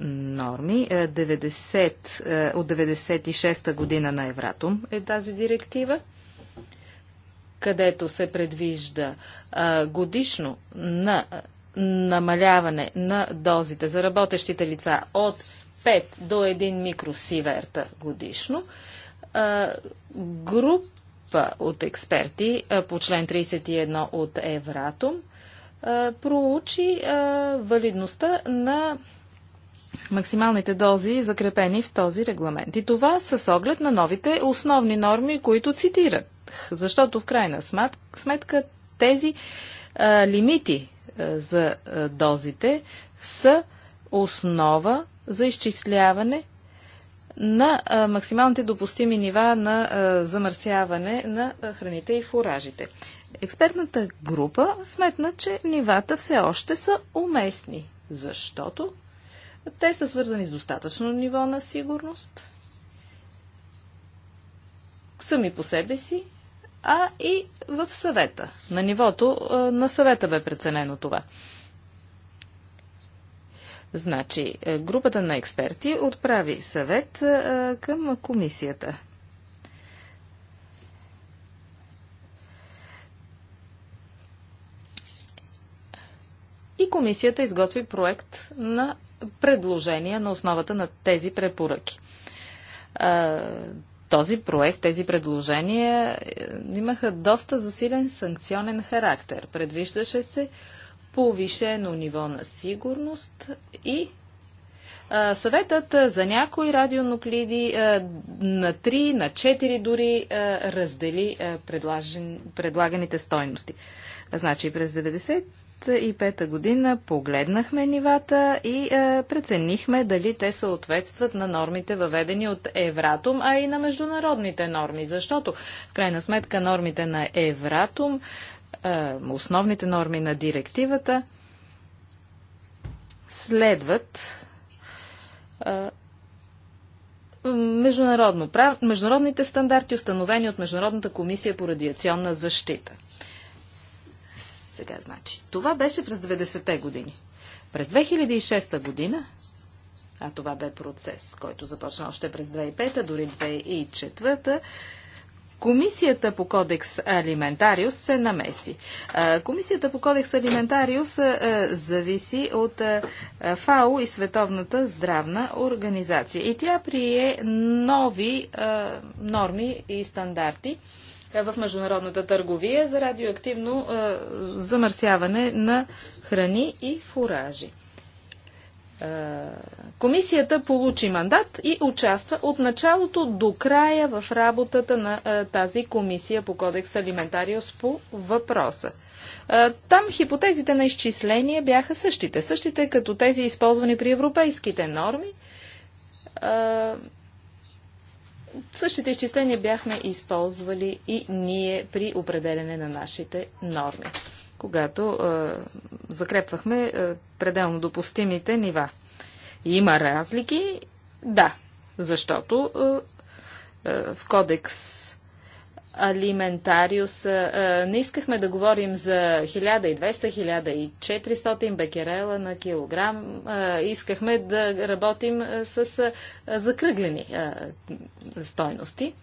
норми, 90, е, е, от 96-та година на Евратум е тази директива, където се предвижда а, годишно на намаляване на дозите за работещите лица от 5 до 1 микросиверта годишно, а, група от експерти а, по член 31 от Евратум а, проучи валидността на максималните дози, закрепени в този регламент. И това с оглед на новите основни норми, които цитират защото в крайна сметка тези а, лимити а, за а, дозите са основа за изчисляване на а, максималните допустими нива на а, замърсяване на а, храните и фуражите. Експертната група сметна, че нивата все още са уместни, защото те са свързани с достатъчно ниво на сигурност сами по себе си а и в съвета. На нивото на съвета бе преценено това. Значи, е, групата на експерти отправи съвет към комисията. И комисията изготви проект на предложения на основата на тези препоръки този проект, тези предложения е, имаха доста засилен санкционен характер. Предвиждаше се повишено ниво на сигурност и а, съветът за някои радионуклиди а, на 3, на 4 дори а, раздели предлаганите стойности. Значи през 90 2005 година погледнахме нивата и е, преценихме дали те съответстват на нормите въведени от Евратум, а и на международните норми, защото в крайна сметка нормите на Евратум, е, основните норми на директивата следват е, международно прав... международните стандарти, установени от Международната комисия по радиационна защита сега значи. Това беше през 90-те години. През 2006 година, а това бе процес, който започна още през 2005, дори 2004, Комисията по кодекс Алиментариус се намеси. Комисията по кодекс Алиментариус зависи от ФАО и Световната здравна организация. И тя прие нови норми и стандарти е в международната търговия за радиоактивно е, замърсяване на храни и фуражи. Е, комисията получи мандат и участва от началото до края в работата на е, тази комисия по кодекс Алиментариус по въпроса. Е, там хипотезите на изчисление бяха същите, същите като тези използвани при европейските норми е, Същите изчисления бяхме използвали и ние при определене на нашите норми, когато е, закрепвахме е, пределно допустимите нива. Има разлики? Да, защото е, е, в кодекс Алиментариус. Не искахме да говорим за 1200-1400 бекерела на килограм. Искахме да работим с закръглени стойности.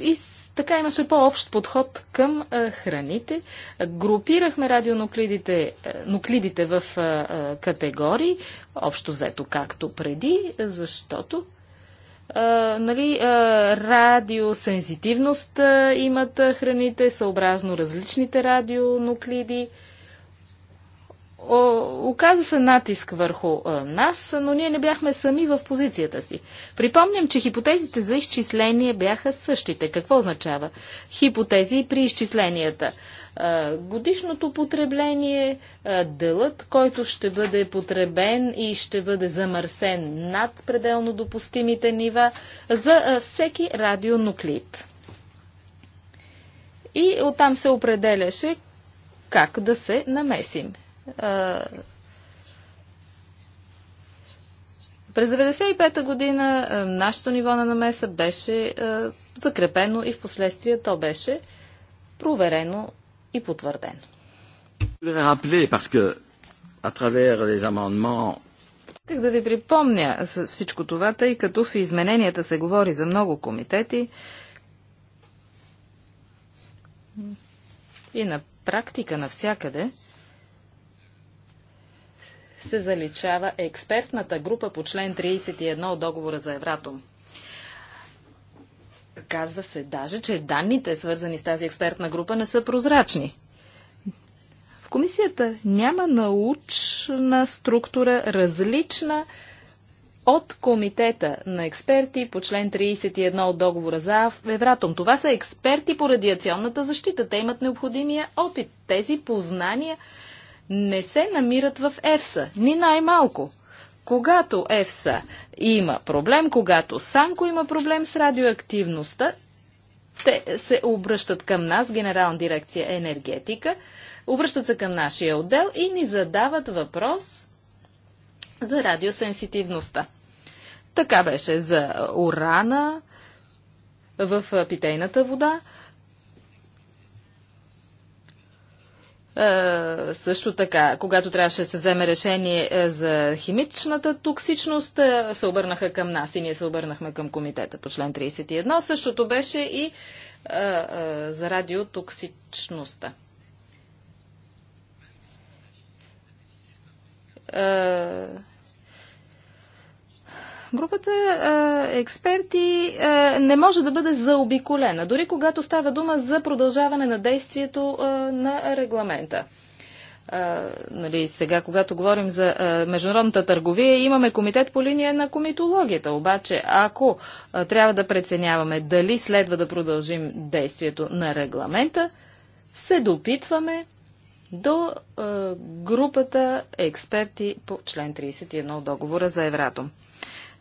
И така имаше по-общ подход към храните. Групирахме радионуклидите нуклидите в категории, общо взето както преди, защото нали, радиосензитивност имат храните, съобразно различните радионуклиди. Оказа се натиск върху нас, но ние не бяхме сами в позицията си. Припомням, че хипотезите за изчисление бяха същите. Какво означава? Хипотези при изчисленията годишното потребление, дълът, който ще бъде потребен и ще бъде замърсен над пределно допустимите нива за всеки радионуклид. И оттам се определяше как да се намесим. През 1995 година нашето ниво на намеса беше закрепено и в последствие то беше проверено и потвърден. Как да ви припомня всичко това, тъй като в измененията се говори за много комитети и на практика навсякъде се заличава експертната група по член 31 от договора за Евратом. Казва се даже, че данните, свързани с тази експертна група, не са прозрачни. В комисията няма научна структура, различна от комитета на експерти по член 31 от договора за Евратом. Това са експерти по радиационната защита. Те имат необходимия опит. Тези познания не се намират в ЕФСА, ни най-малко. Когато ЕФСА има проблем, когато Санко има проблем с радиоактивността, те се обръщат към нас, Генерална дирекция енергетика, обръщат се към нашия отдел и ни задават въпрос за радиосенситивността. Така беше за урана в питейната вода. Е, също така, когато трябваше да се вземе решение е, за химичната токсичност, е, се обърнаха към нас и ние се обърнахме към комитета по член 31. Същото беше и за радиотоксичността. Uh... Групата а, експерти а, не може да бъде заобиколена, дори когато става дума за продължаване на действието а, на регламента. А, нали, сега, когато говорим за а, международната търговия, имаме комитет по линия на комитологията. Обаче, ако а, трябва да преценяваме дали следва да продължим действието на регламента, се допитваме до а, групата експерти по член 31 от договора за Евратом.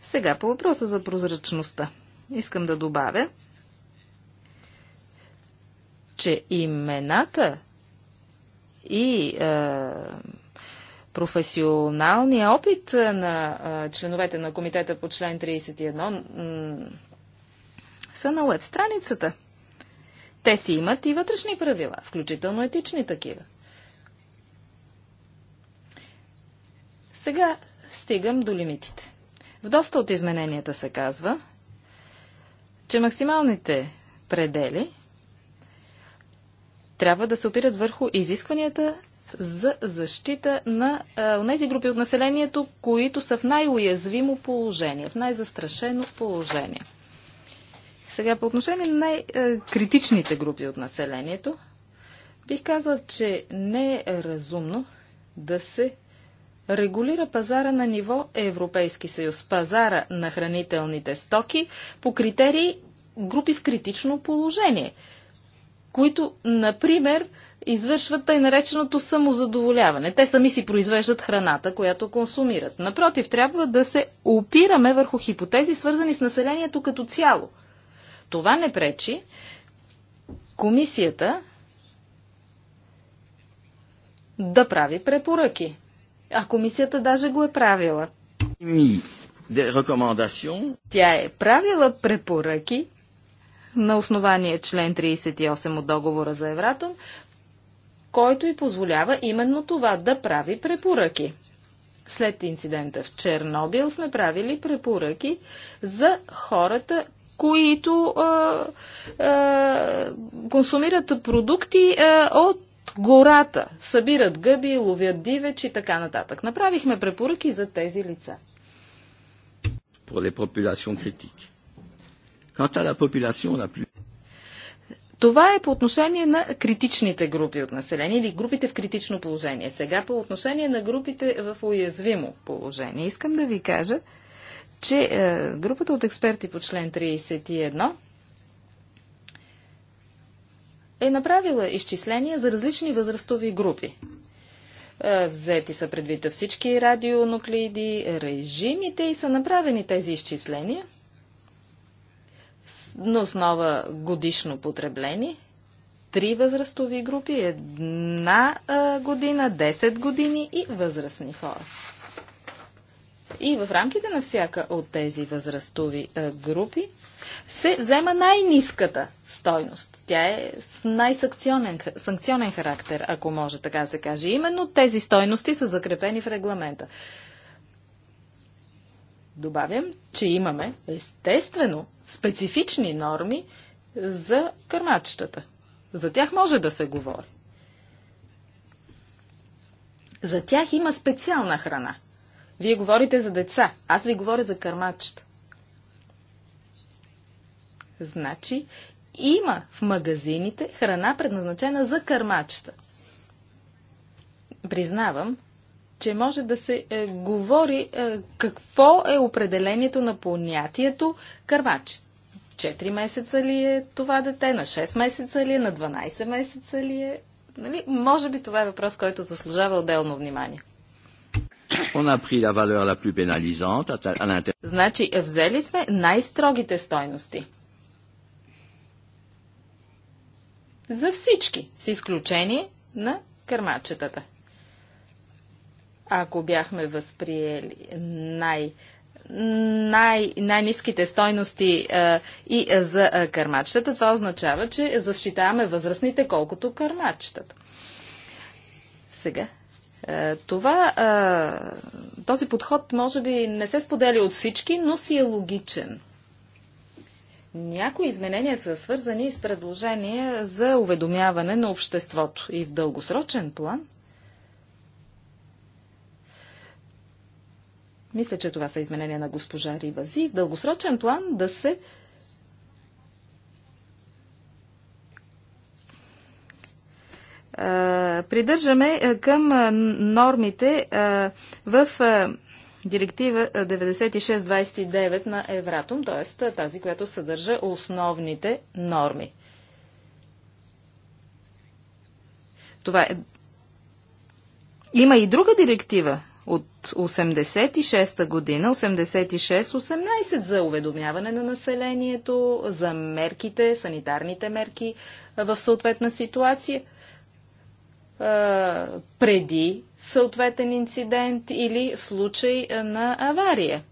Сега по въпроса за прозрачността. Искам да добавя, че имената и е, професионалния опит на е, членовете на комитета по член 31 са на уеб страницата. Те си имат и вътрешни правила, включително етични такива. Сега стигам до лимитите. В доста от измененията се казва, че максималните предели трябва да се опират върху изискванията за защита на тези групи от населението, които са в най-уязвимо положение, в най-застрашено положение. Сега, по отношение на най-критичните групи от населението, бих казал, че не е разумно да се регулира пазара на ниво Европейски съюз, пазара на хранителните стоки по критерии групи в критично положение, които, например, извършват тъй нареченото самозадоволяване. Те сами си произвеждат храната, която консумират. Напротив, трябва да се опираме върху хипотези, свързани с населението като цяло. Това не пречи комисията да прави препоръки. А комисията даже го е правила. Тя е правила препоръки на основание член 38 от договора за Евратом, който и позволява именно това да прави препоръки. След инцидента в Чернобил сме правили препоръки за хората, които а, а, консумират продукти а, от гората, събират гъби, ловят дивеч и така нататък. Направихме препоръки за тези лица. Това е по отношение на критичните групи от население или групите в критично положение. Сега по отношение на групите в уязвимо положение. Искам да ви кажа, че е, групата от експерти по член 31 е направила изчисления за различни възрастови групи. Е, взети са предвид всички радионуклеиди, режимите и са направени тези изчисления на основа годишно потребление. Три възрастови групи, една година, 10 години и възрастни хора. И в рамките на всяка от тези възрастови е, групи се взема най-низката стойност. Тя е с най-санкционен санкционен характер, ако може така се каже. Именно тези стойности са закрепени в регламента. Добавям, че имаме естествено специфични норми за кърмачетата. За тях може да се говори. За тях има специална храна – вие говорите за деца, аз ви говоря за кърмачета. Значи, има в магазините храна предназначена за кърмачета. Признавам, че може да се е, говори е, какво е определението на понятието кърмач. 4 месеца ли е това дете, на 6 месеца ли е, на 12 месеца ли е? Нали? Може би това е въпрос, който заслужава отделно внимание. Значи, е, взели сме най-строгите стойности. За всички, с изключение на кърмачетата. Ако бяхме възприели най- най- най-низките стойности а, е, и а, е, за а, кърмачетата, това означава, че защитаваме възрастните колкото кърмачетата. Сега е, това, е, този подход може би не се споделя от всички, но си е логичен. Някои изменения са свързани с предложения за уведомяване на обществото и в дългосрочен план. Мисля, че това са изменения на госпожа Рибази, В дългосрочен план да се придържаме към нормите в директива 9629 на Евратум, т.е. тази, която съдържа основните норми. Това е... Има и друга директива от 86-та година, 86-18 за уведомяване на населението, за мерките, санитарните мерки в съответна ситуация – а, преди съответен инцидент или в случай на авария,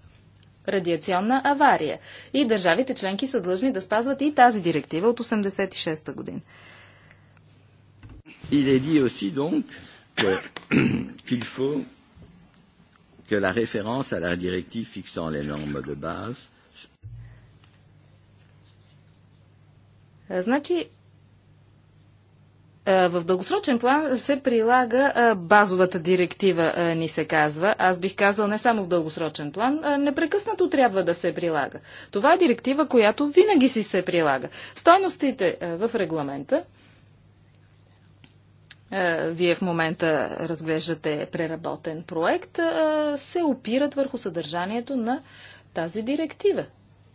радиационна авария. И държавите членки са длъжни да спазват и тази директива от 86-та година. Il est dit aussi donc qu'il qu faut que la référence à la directive fixant les normes de base Значи, е, в дългосрочен план се прилага е, базовата директива, е, ни се казва. Аз бих казал не само в дългосрочен план, непрекъснато трябва да се прилага. Това е директива, която винаги си се прилага. Стойностите в регламента, вие в момента разглеждате преработен проект, се опират върху съдържанието на тази директива.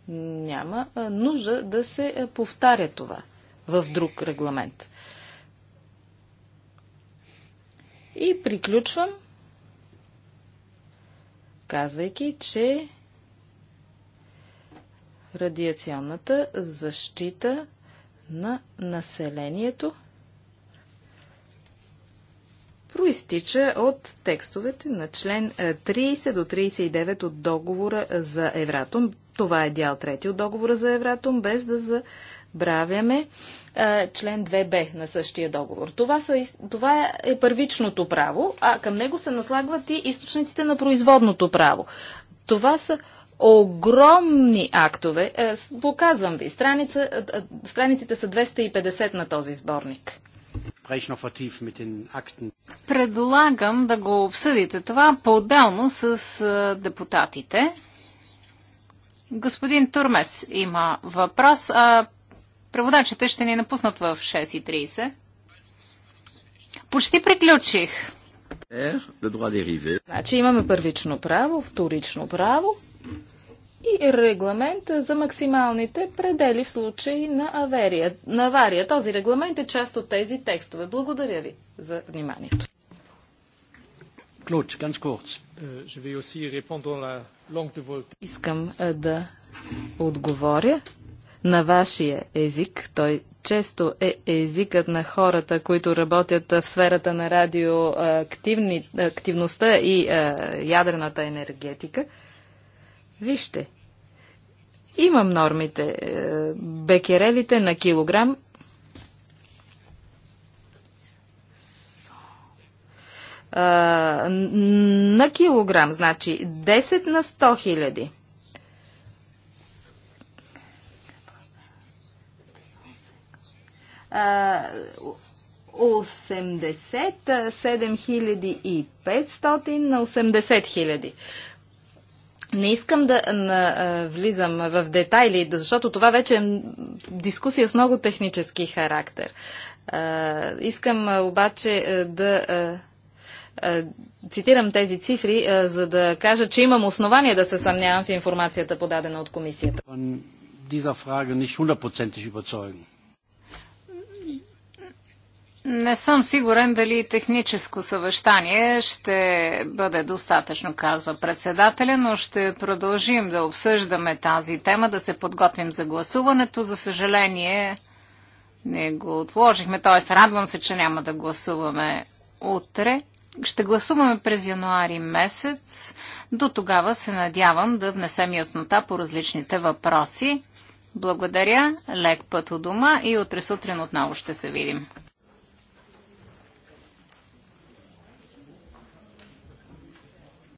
Няма нужда да се повтаря това в друг регламент. И приключвам, казвайки, че радиационната защита на населението проистича от текстовете на член 30 е, до 39 от договора за Евратум. Това е дял трети от договора за Евратум, без да за забравяме член 2б на същия договор. Това, са, това е първичното право, а към него се наслагват и източниците на производното право. Това са огромни актове. Е, показвам ви. Страница, е, е, страниците са 250 на този сборник. Предлагам да го обсъдите това по-отделно с депутатите. Господин Турмес има въпрос. А Преводачите ще ни напуснат в 6.30. Почти приключих. Значи имаме първично право, вторично право и регламент за максималните предели в случай на, аверия, на авария. Този регламент е част от тези текстове. Благодаря ви за вниманието. Э, Искам э, да отговоря на вашия език. Той често е езикът на хората, които работят в сферата на радиоактивността и е, ядрената енергетика. Вижте, имам нормите. Е, бекерелите на килограм е, на килограм, значи 10 на 100 хиляди. 80 7500 на 80 хиляди. Не искам да на, влизам в детайли, защото това вече е дискусия с много технически характер. искам обаче да цитирам тези цифри, за да кажа, че имам основания да се съмнявам в информацията подадена от комисията. Не съм сигурен дали техническо съвещание ще бъде достатъчно, казва председателя, но ще продължим да обсъждаме тази тема, да се подготвим за гласуването. За съжаление, не го отложихме, т.е. радвам се, че няма да гласуваме утре. Ще гласуваме през януари месец. До тогава се надявам да внесем яснота по различните въпроси. Благодаря, лек път у дома и утре сутрин отново ще се видим.